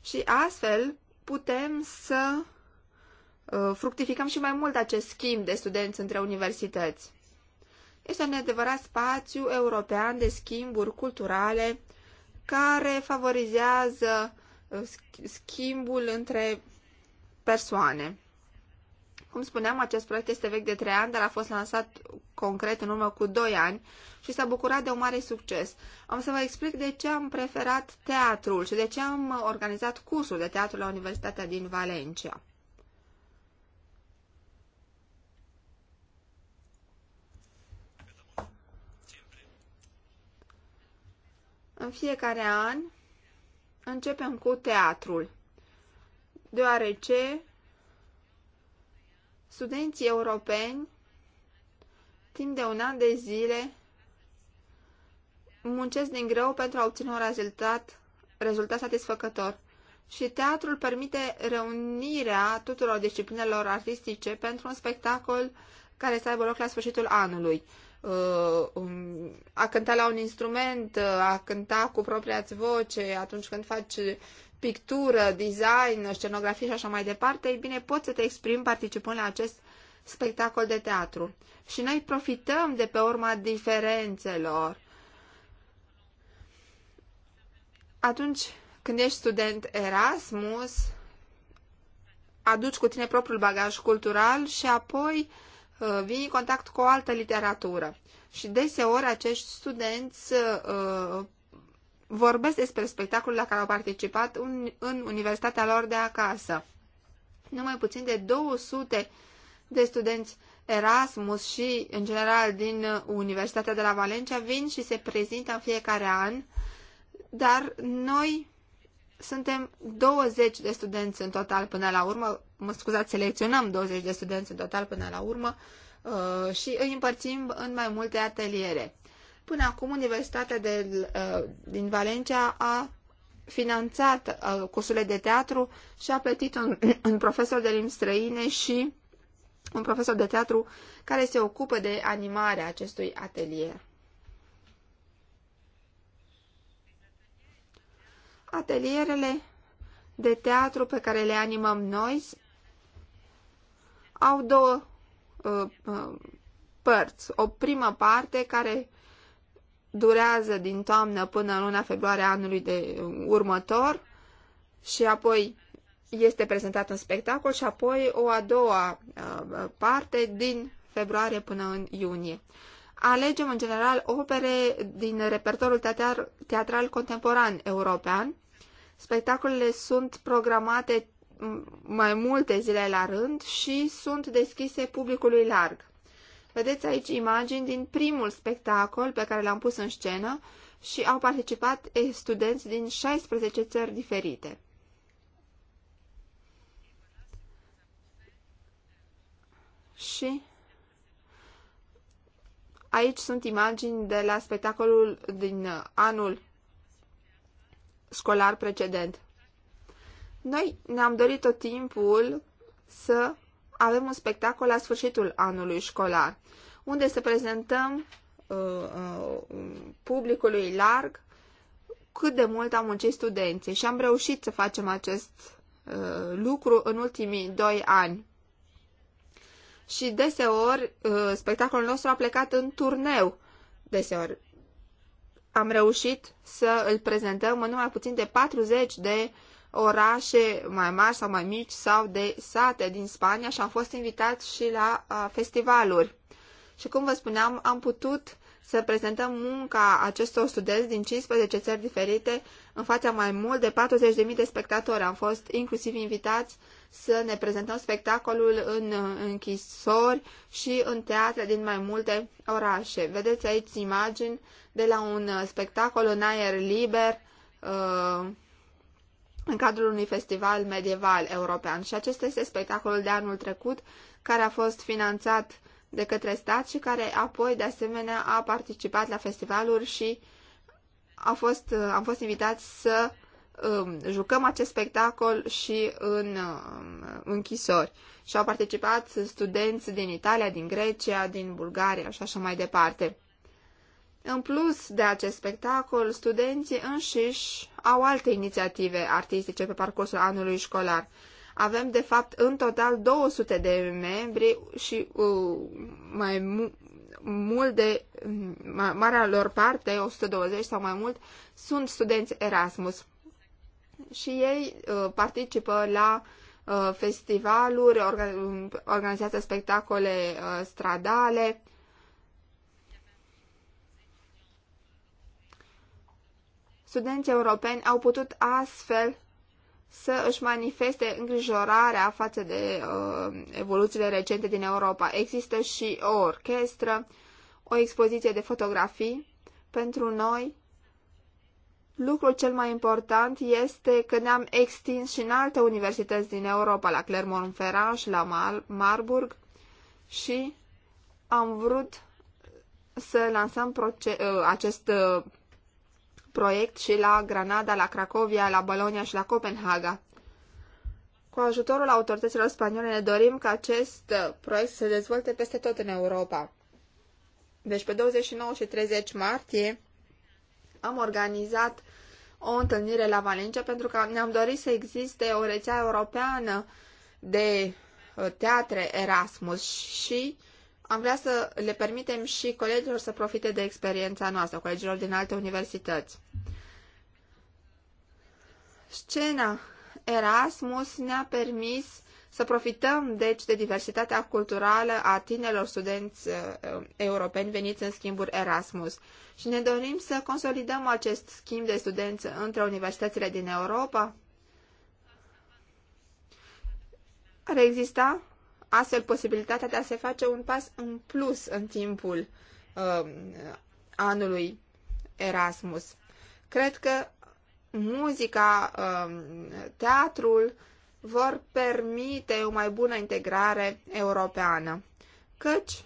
Și astfel putem să Uh, fructificăm și mai mult acest schimb de studenți între universități. Este un adevărat spațiu european de schimburi culturale care favorizează uh, schimbul între persoane. Cum spuneam, acest proiect este vechi de trei ani, dar a fost lansat concret în urmă cu doi ani și s-a bucurat de un mare succes. Am să vă explic de ce am preferat teatrul și de ce am organizat cursul de teatru la Universitatea din Valencia. În fiecare an începem cu teatrul, deoarece studenții europeni timp de un an de zile muncesc din greu pentru a obține un rezultat, rezultat satisfăcător. Și teatrul permite reunirea tuturor disciplinelor artistice pentru un spectacol care să aibă loc la sfârșitul anului. Uh, um, a cânta la un instrument, uh, a cânta cu propria-ți voce, atunci când faci pictură, design, scenografie și așa mai departe, ei bine, poți să te exprimi participând la acest spectacol de teatru. Și noi profităm de pe urma diferențelor. Atunci când ești student Erasmus, aduci cu tine propriul bagaj cultural și apoi uh, Uh, vii în contact cu o altă literatură și deseori acești studenți uh, vorbesc despre spectacolul la care au participat în universitatea lor de acasă. Numai puțin de 200 de studenți Erasmus și, în general, din Universitatea de la Valencia vin și se prezintă în fiecare an, dar noi suntem 20 de studenți în total până la urmă, mă scuzați, selecționăm 20 de studenți în total până la urmă uh, și îi împărțim în mai multe ateliere. Până acum, Universitatea de, uh, din Valencia a finanțat uh, cursurile de teatru și a plătit un, un profesor de limbi străine și un profesor de teatru care se ocupă de animarea acestui atelier. Atelierele de teatru pe care le animăm noi au două uh, uh, părți. O primă parte care durează din toamnă până în luna februarie anului de următor și apoi este prezentat un spectacol și apoi o a doua uh, parte din februarie până în iunie. Alegem în general opere din repertorul teatral, teatral contemporan european. Spectacolele sunt programate mai multe zile la rând și sunt deschise publicului larg. Vedeți aici imagini din primul spectacol pe care l-am pus în scenă și au participat studenți din 16 țări diferite. Și Aici sunt imagini de la spectacolul din anul școlar precedent. Noi ne-am dorit tot timpul să avem un spectacol la sfârșitul anului școlar, unde să prezentăm uh, uh, publicului larg cât de mult am muncit studenții și am reușit să facem acest uh, lucru în ultimii doi ani și deseori uh, spectacolul nostru a plecat în turneu. Deseori am reușit să îl prezentăm în numai puțin de 40 de orașe mai mari sau mai mici sau de sate din Spania și am fost invitați și la uh, festivaluri. Și cum vă spuneam, am putut să prezentăm munca acestor studenți din 15 țări diferite în fața mai mult de 40.000 de spectatori. Am fost inclusiv invitați să ne prezentăm spectacolul în închisori și în teatre din mai multe orașe. Vedeți aici imagini de la un spectacol în aer liber uh, în cadrul unui festival medieval european și acesta este spectacolul de anul trecut care a fost finanțat de către stat și care apoi de asemenea a participat la festivaluri și a fost, uh, am fost invitați să uh, Um, jucăm acest spectacol și în um, închisori. Și au participat studenți din Italia, din Grecia, din Bulgaria și așa mai departe. În plus de acest spectacol, studenții înșiși au alte inițiative artistice pe parcursul anului școlar. Avem, de fapt, în total 200 de membri și uh, mai mu- mult de marea lor parte, 120 sau mai mult, sunt studenți Erasmus și ei uh, participă la uh, festivaluri, organizează spectacole uh, stradale. Studenții europeni au putut astfel să își manifeste îngrijorarea față de uh, evoluțiile recente din Europa. Există și o orchestră, o expoziție de fotografii. Pentru noi Lucrul cel mai important este că ne-am extins și în alte universități din Europa, la Clermont-Ferrand și la Mar Marburg și am vrut să lansăm ă, acest ă, proiect și la Granada, la Cracovia, la Bologna și la Copenhaga. Cu ajutorul autorităților spaniole ne dorim ca acest ă, proiect să se dezvolte peste tot în Europa. Deci pe 29 și 30 martie am organizat o întâlnire la Valencia pentru că ne-am dorit să existe o rețea europeană de uh, teatre Erasmus și am vrea să le permitem și colegilor să profite de experiența noastră, colegilor din alte universități. Scena Erasmus ne-a permis să profităm, deci, de diversitatea culturală a tinerilor studenți uh, uh, europeni veniți în schimburi Erasmus. Și ne dorim să consolidăm acest schimb de studenți între universitățile din Europa. Ar exista astfel posibilitatea de a se face un pas în plus în timpul uh, anului Erasmus. Cred că muzica, uh, teatrul, vor permite o mai bună integrare europeană, căci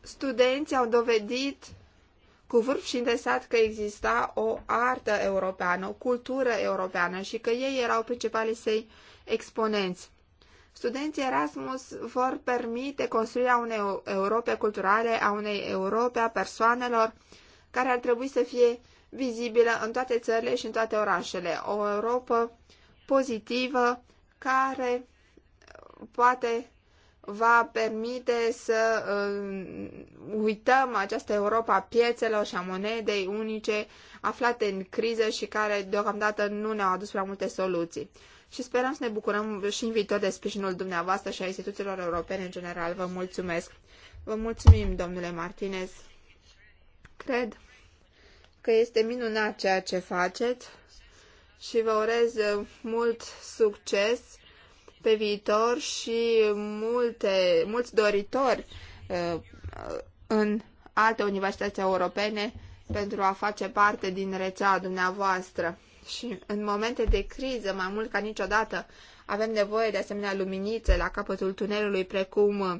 studenții au dovedit cu vârf și îndesat că exista o artă europeană, o cultură europeană și că ei erau principalii săi exponenți. Studenții Erasmus vor permite construirea unei Europe culturale, a unei Europe a persoanelor, care ar trebui să fie vizibilă în toate țările și în toate orașele. O Europa pozitivă care poate va permite să uh, uităm această Europa a piețelor și a monedei unice aflate în criză și care deocamdată nu ne-au adus prea multe soluții. Și sperăm să ne bucurăm și în viitor de sprijinul dumneavoastră și a instituțiilor europene în general. Vă mulțumesc. Vă mulțumim, domnule Martinez. Cred că este minunat ceea ce faceți și vă urez uh, mult succes pe viitor și multe, mulți doritori uh, în alte universități europene pentru a face parte din rețeaua dumneavoastră. Și în momente de criză, mai mult ca niciodată, avem nevoie de asemenea luminițe la capătul tunelului, precum uh,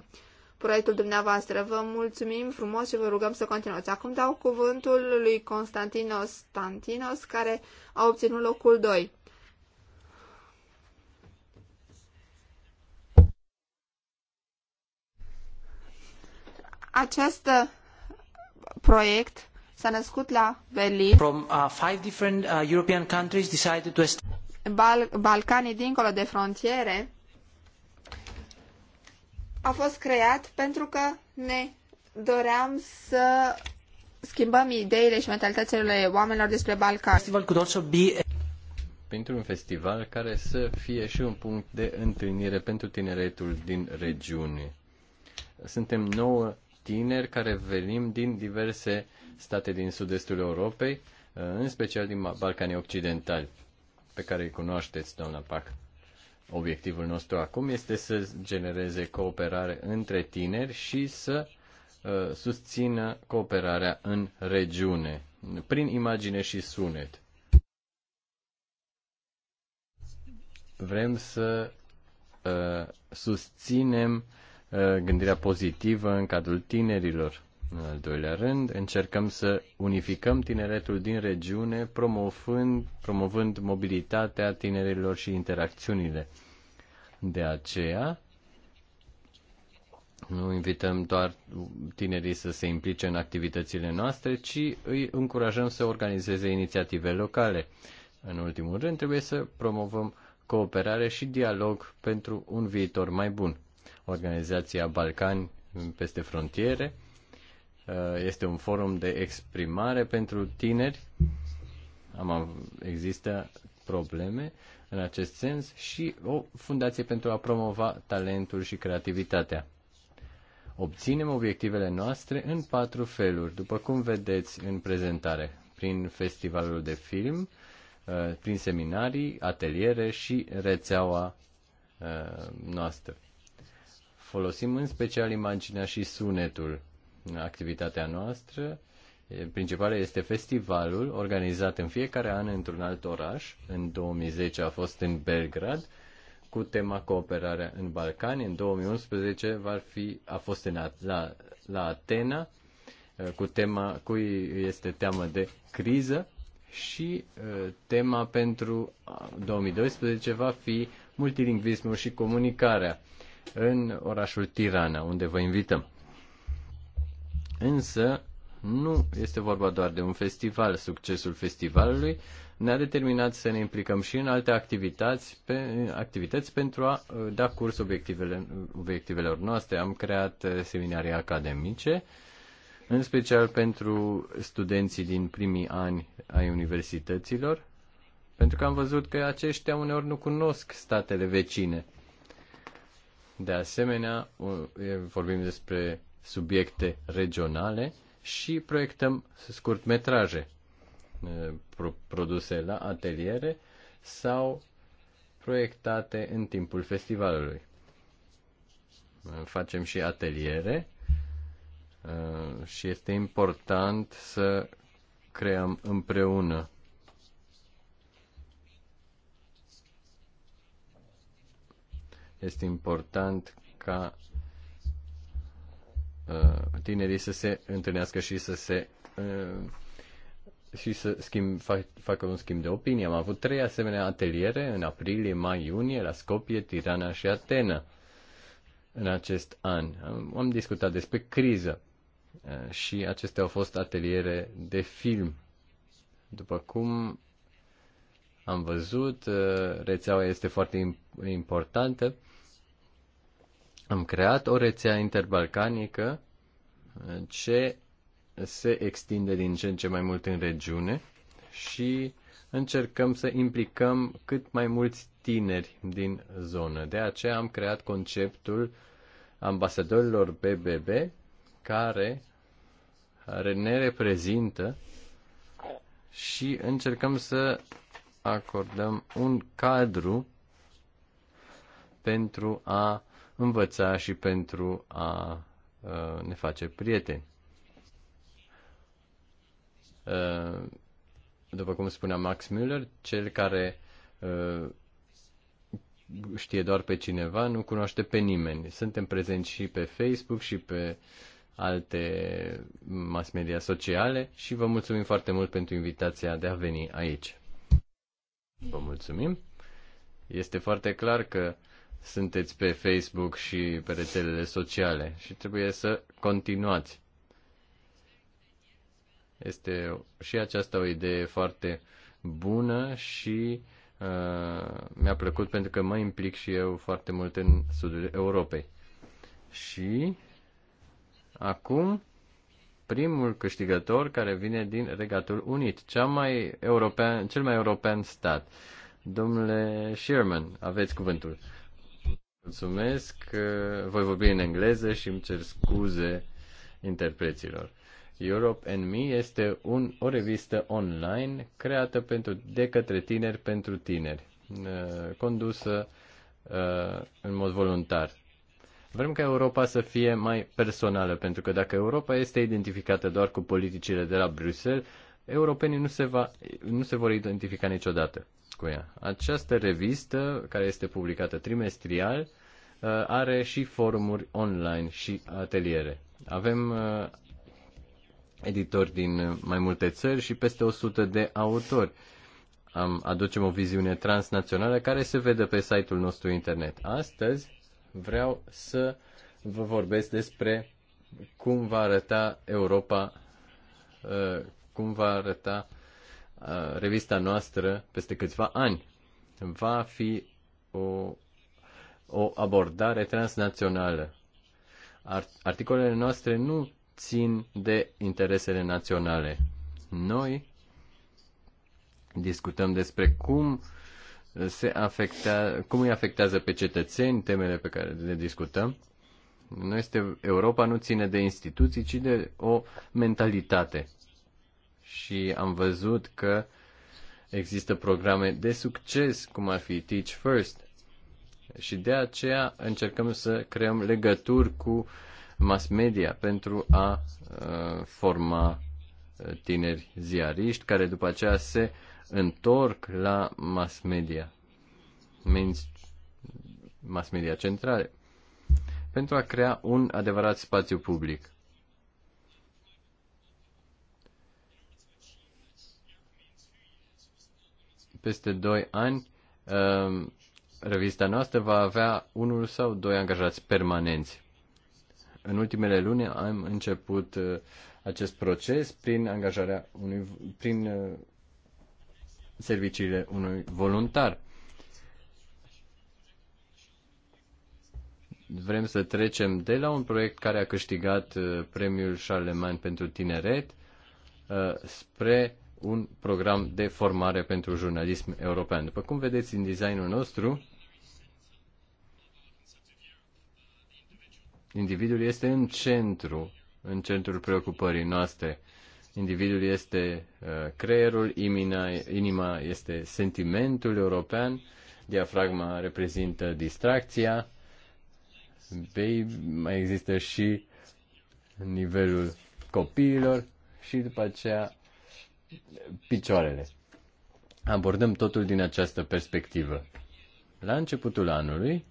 proiectul dumneavoastră. Vă mulțumim frumos și vă rugăm să continuați. Acum dau cuvântul lui Constantinos Tantinos, care a obținut locul 2. Acest uh, proiect s-a născut la Berlin. From uh, five different uh, European countries decided to Bal Balcanii dincolo de frontiere a fost creat pentru că ne doream să schimbăm ideile și mentalitățile oamenilor despre Balcan. Pentru un festival care să fie și un punct de întâlnire pentru tineretul din regiune. Suntem nouă tineri care venim din diverse state din sud-estul Europei, în special din Balcanii Occidentali, pe care îi cunoașteți, doamna Pac. Obiectivul nostru acum este să genereze cooperare între tineri și să uh, susțină cooperarea în regiune, prin imagine și sunet. Vrem să uh, susținem uh, gândirea pozitivă în cadrul tinerilor în al doilea rând, încercăm să unificăm tineretul din regiune, promovând, promovând mobilitatea tinerilor și interacțiunile. De aceea, nu invităm doar tinerii să se implice în activitățile noastre, ci îi încurajăm să organizeze inițiative locale. În ultimul rând, trebuie să promovăm cooperare și dialog pentru un viitor mai bun. Organizația Balcani peste frontiere Uh, este un forum de exprimare pentru tineri. Am av- există probleme în acest sens și o fundație pentru a promova talentul și creativitatea. Obținem obiectivele noastre în patru feluri, după cum vedeți în prezentare, prin festivalul de film, uh, prin seminarii, ateliere și rețeaua uh, noastră. Folosim în special imaginea și sunetul activitatea noastră principală este festivalul organizat în fiecare an într-un alt oraș. În 2010 a fost în Belgrad cu tema cooperarea în Balcani. În 2011 va fi, a fost în, la, la Atena cu tema cui este teamă de criză și tema pentru 2012 va fi multilingvismul și comunicarea în orașul Tirana, unde vă invităm. Însă, nu este vorba doar de un festival. Succesul festivalului ne-a determinat să ne implicăm și în alte activități, pe, activități pentru a uh, da curs obiectivele, obiectivelor noastre. Am creat uh, seminarii academice, în special pentru studenții din primii ani ai universităților, pentru că am văzut că aceștia uneori nu cunosc statele vecine. De asemenea, vorbim despre subiecte regionale și proiectăm scurtmetraje eh, produse la ateliere sau proiectate în timpul festivalului. Eh, facem și ateliere eh, și este important să creăm împreună este important ca Uh, tinerii să se întâlnească și să se uh, și să schimb, fac, facă un schimb de opinie. Am avut trei asemenea ateliere în aprilie, mai, iunie, la Scopie, Tirana și Atena în acest an. Am discutat despre criză uh, și acestea au fost ateliere de film. După cum am văzut, rețeaua este foarte importantă am creat o rețea interbalcanică uh, ce se extinde din ce în ce mai mult în regiune și încercăm să implicăm cât mai mulți tineri din zonă. De aceea am creat conceptul ambasadorilor BBB care ne reprezintă și încercăm să acordăm un cadru pentru a învăța și pentru a ne face prieteni. După cum spunea Max Müller, cel care știe doar pe cineva, nu cunoaște pe nimeni. Suntem prezenți și pe Facebook și pe alte mass media sociale și vă mulțumim foarte mult pentru invitația de a veni aici. Vă mulțumim. Este foarte clar că sunteți pe Facebook și pe rețelele sociale și trebuie să continuați. Este și aceasta o idee foarte bună și uh, mi-a plăcut pentru că mă implic și eu foarte mult în sudul Europei. Și acum primul câștigător care vine din Regatul Unit, cea mai european, cel mai european stat. Domnule Sherman, aveți cuvântul. Mulțumesc, voi vorbi în engleză și îmi cer scuze interpreților. Europe and Me este un, o revistă online creată pentru, de către tineri pentru tineri, uh, condusă uh, în mod voluntar. Vrem ca Europa să fie mai personală, pentru că dacă Europa este identificată doar cu politicile de la Bruxelles, europenii nu se, va, nu se vor identifica niciodată cu ea. Această revistă, care este publicată trimestrial, uh, are și forumuri online și ateliere. Avem uh, editori din mai multe țări și peste 100 de autori. Am, aducem o viziune transnațională care se vede pe site-ul nostru internet. Astăzi vreau să vă vorbesc despre cum va arăta Europa, uh, cum va arăta revista noastră peste câțiva ani. Va fi o, o abordare transnațională. Articolele noastre nu țin de interesele naționale. Noi discutăm despre cum se afectea, cum îi afectează pe cetățeni temele pe care le discutăm. Noi este, Europa nu ține de instituții, ci de o mentalitate și am văzut că există programe de succes, cum ar fi Teach First. Și de aceea încercăm să creăm legături cu mass media pentru a uh, forma uh, tineri ziariști care după aceea se întorc la mass media, mass media centrale, pentru a crea un adevărat spațiu public. peste 2 ani, ehm, revista noastră va avea unul sau doi angajați permanenți. În ultimele luni am început eh, acest proces prin angajarea unui, prin eh, serviciile unui voluntar. Vrem să trecem de la un proiect care a câștigat eh, premiul Charlemagne pentru tineret spre un program de formare pentru jurnalism european. După cum vedeți în designul nostru, individul este în centru, în centrul preocupării noastre. Individul este uh, creierul, inima este sentimentul european, diafragma reprezintă distracția, mai există și nivelul copiilor și după aceea picioarele. Abordăm totul din această perspectivă. La începutul anului,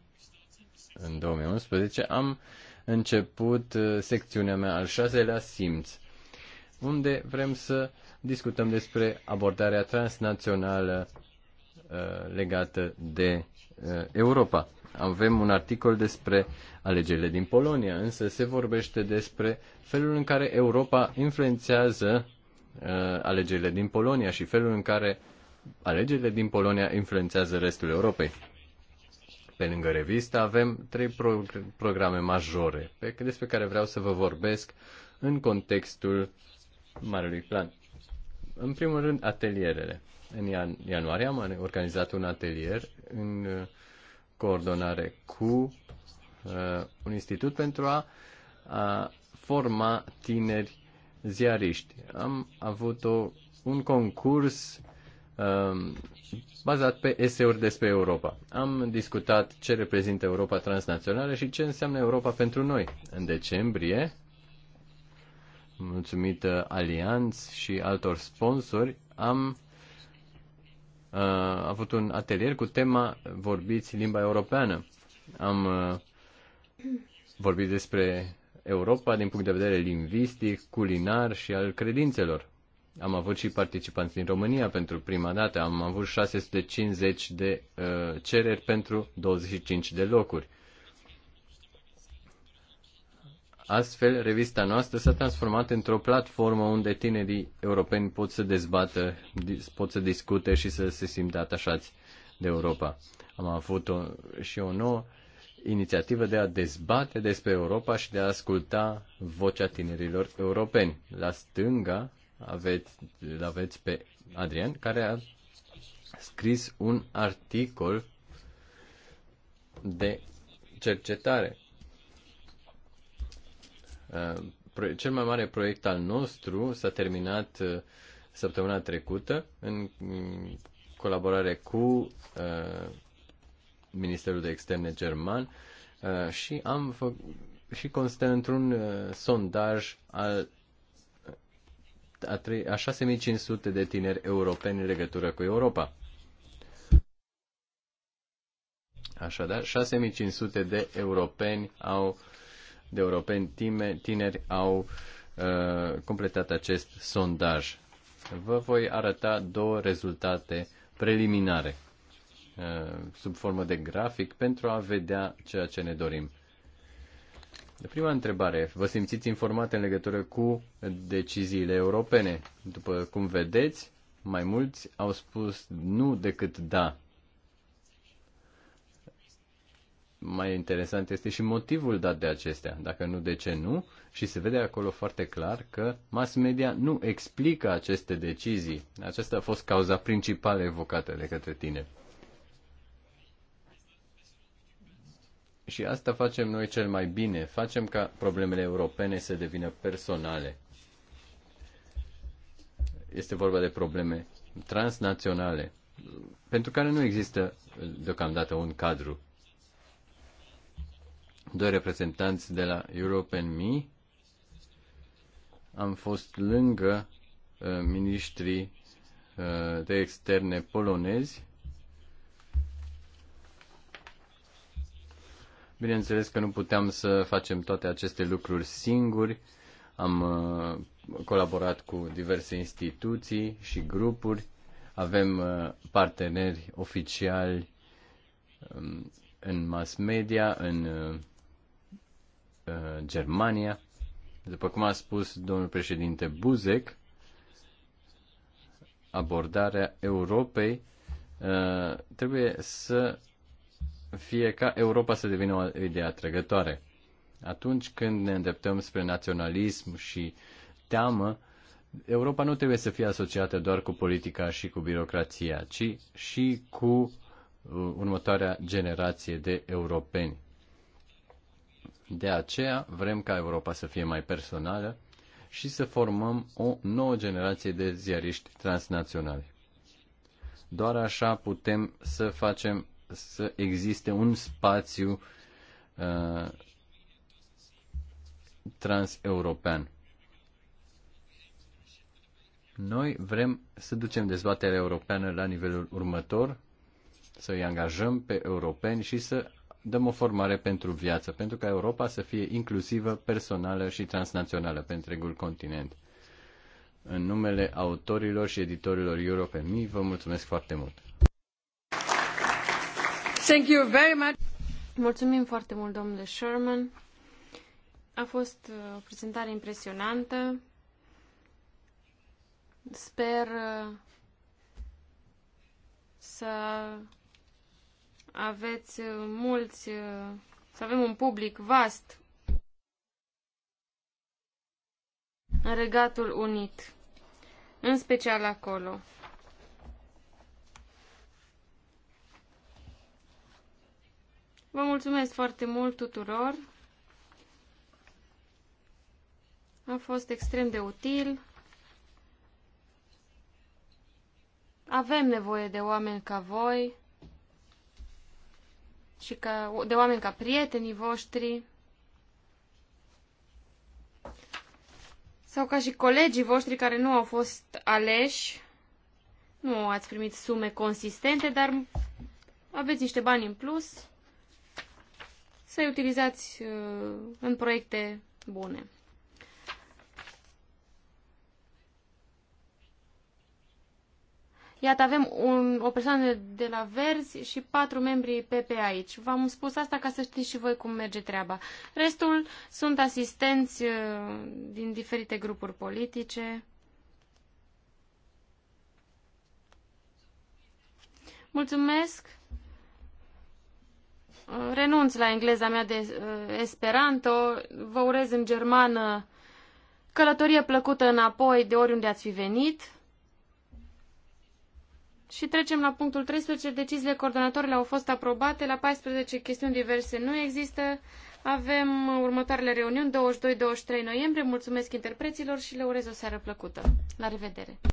în 2011, am început uh, secțiunea mea al șaselea simț, unde vrem să discutăm despre abordarea transnațională uh, legată de uh, Europa. Avem un articol despre alegerile din Polonia, însă se vorbește despre felul în care Europa influențează Uh, alegerile din Polonia și felul în care alegerile din Polonia influențează restul Europei. Pe lângă revistă avem trei pro- programe majore pe, despre care vreau să vă vorbesc în contextul Marelui Plan. În primul rând, atelierele. În ian- ianuarie am organizat un atelier în uh, coordonare cu uh, un institut pentru a, a forma tineri ziariști. Am avut o, un concurs um, bazat pe eseuri despre Europa. Am discutat ce reprezintă Europa transnațională și ce înseamnă Europa pentru noi. În decembrie, mulțumită Alianț și altor sponsori, am uh, avut un atelier cu tema Vorbiți limba europeană. Am uh, vorbit despre Europa din punct de vedere lingvistic, culinar și al credințelor. Am avut și participanți din România pentru prima dată. Am avut 650 de uh, cereri pentru 25 de locuri. Astfel, revista noastră s-a transformat într-o platformă unde tinerii europeni pot să dezbată, pot să discute și să se simtă atașați de Europa. Am avut o, și o nouă inițiativă de a dezbate despre Europa și de a asculta vocea tinerilor europeni. La stânga aveți, aveți pe Adrian, care a scris un articol de cercetare. Uh, cel mai mare proiect al nostru s-a terminat uh, săptămâna trecută în colaborare cu uh, Ministerul de Externe german uh, și am fă, și constă într-un uh, sondaj al a, 3, a 6500 de tineri europeni în legătură cu Europa. Așadar, 6500 de europeni au de europeni tineri au uh, completat acest sondaj. Vă voi arăta două rezultate preliminare. Uh, sub formă de grafic pentru a vedea ceea ce ne dorim. Prima întrebare. Vă simțiți informate în legătură cu deciziile europene? După cum vedeți, mai mulți au spus nu decât da. Mai interesant este și motivul dat de acestea, dacă nu de ce nu, și se vede acolo foarte clar că mass media nu explică aceste decizii. Aceasta a fost cauza principală evocată de către tine. Și asta facem noi cel mai bine, facem ca problemele europene să devină personale. Este vorba de probleme transnaționale, pentru care nu există deocamdată un cadru. Doi reprezentanți de la European Me am fost lângă uh, ministrii uh, de externe polonezi Bineînțeles că nu puteam să facem toate aceste lucruri singuri. Am uh, colaborat cu diverse instituții și grupuri. Avem uh, parteneri oficiali um, în mass media, în uh, Germania. După cum a spus domnul președinte Buzek, abordarea Europei trebuie să fie ca Europa să devină o idee atrăgătoare. Atunci când ne îndreptăm spre naționalism și teamă, Europa nu trebuie să fie asociată doar cu politica și cu birocrația, ci și cu uh, următoarea generație de europeni. De aceea vrem ca Europa să fie mai personală și să formăm o nouă generație de ziariști transnaționali. Doar așa putem să facem să existe un spațiu uh, transeuropean. Noi vrem să ducem dezbaterea europeană la nivelul următor, să îi angajăm pe europeni și să dăm o formare pentru viață, pentru ca Europa să fie inclusivă, personală și transnațională pe întregul continent. În numele autorilor și editorilor Europe Mi, vă mulțumesc foarte mult! Mulțumim foarte mult, domnule Sherman. A fost uh, o prezentare impresionantă. Sper uh, să aveți uh, mulți, să avem un public vast în Regatul Unit, în special acolo. Vă mulțumesc foarte mult tuturor. A fost extrem de util. Avem nevoie de oameni ca voi și ca, de oameni ca prietenii voștri sau ca și colegii voștri care nu au fost aleși. Nu ați primit sume consistente, dar aveți niște bani în plus să-i utilizați uh, în proiecte bune. Iată, avem un, o persoană de la Verzi și patru membri PP aici. V-am spus asta ca să știți și voi cum merge treaba. Restul sunt asistenți uh, din diferite grupuri politice. Mulțumesc! renunț la engleza mea de uh, Esperanto, vă urez în germană călătorie plăcută înapoi de oriunde ați fi venit. Și trecem la punctul 13. Deciziile coordonatorilor au fost aprobate. La 14 chestiuni diverse nu există. Avem următoarele reuniuni, 22-23 noiembrie. Mulțumesc interpreților și le urez o seară plăcută. La revedere!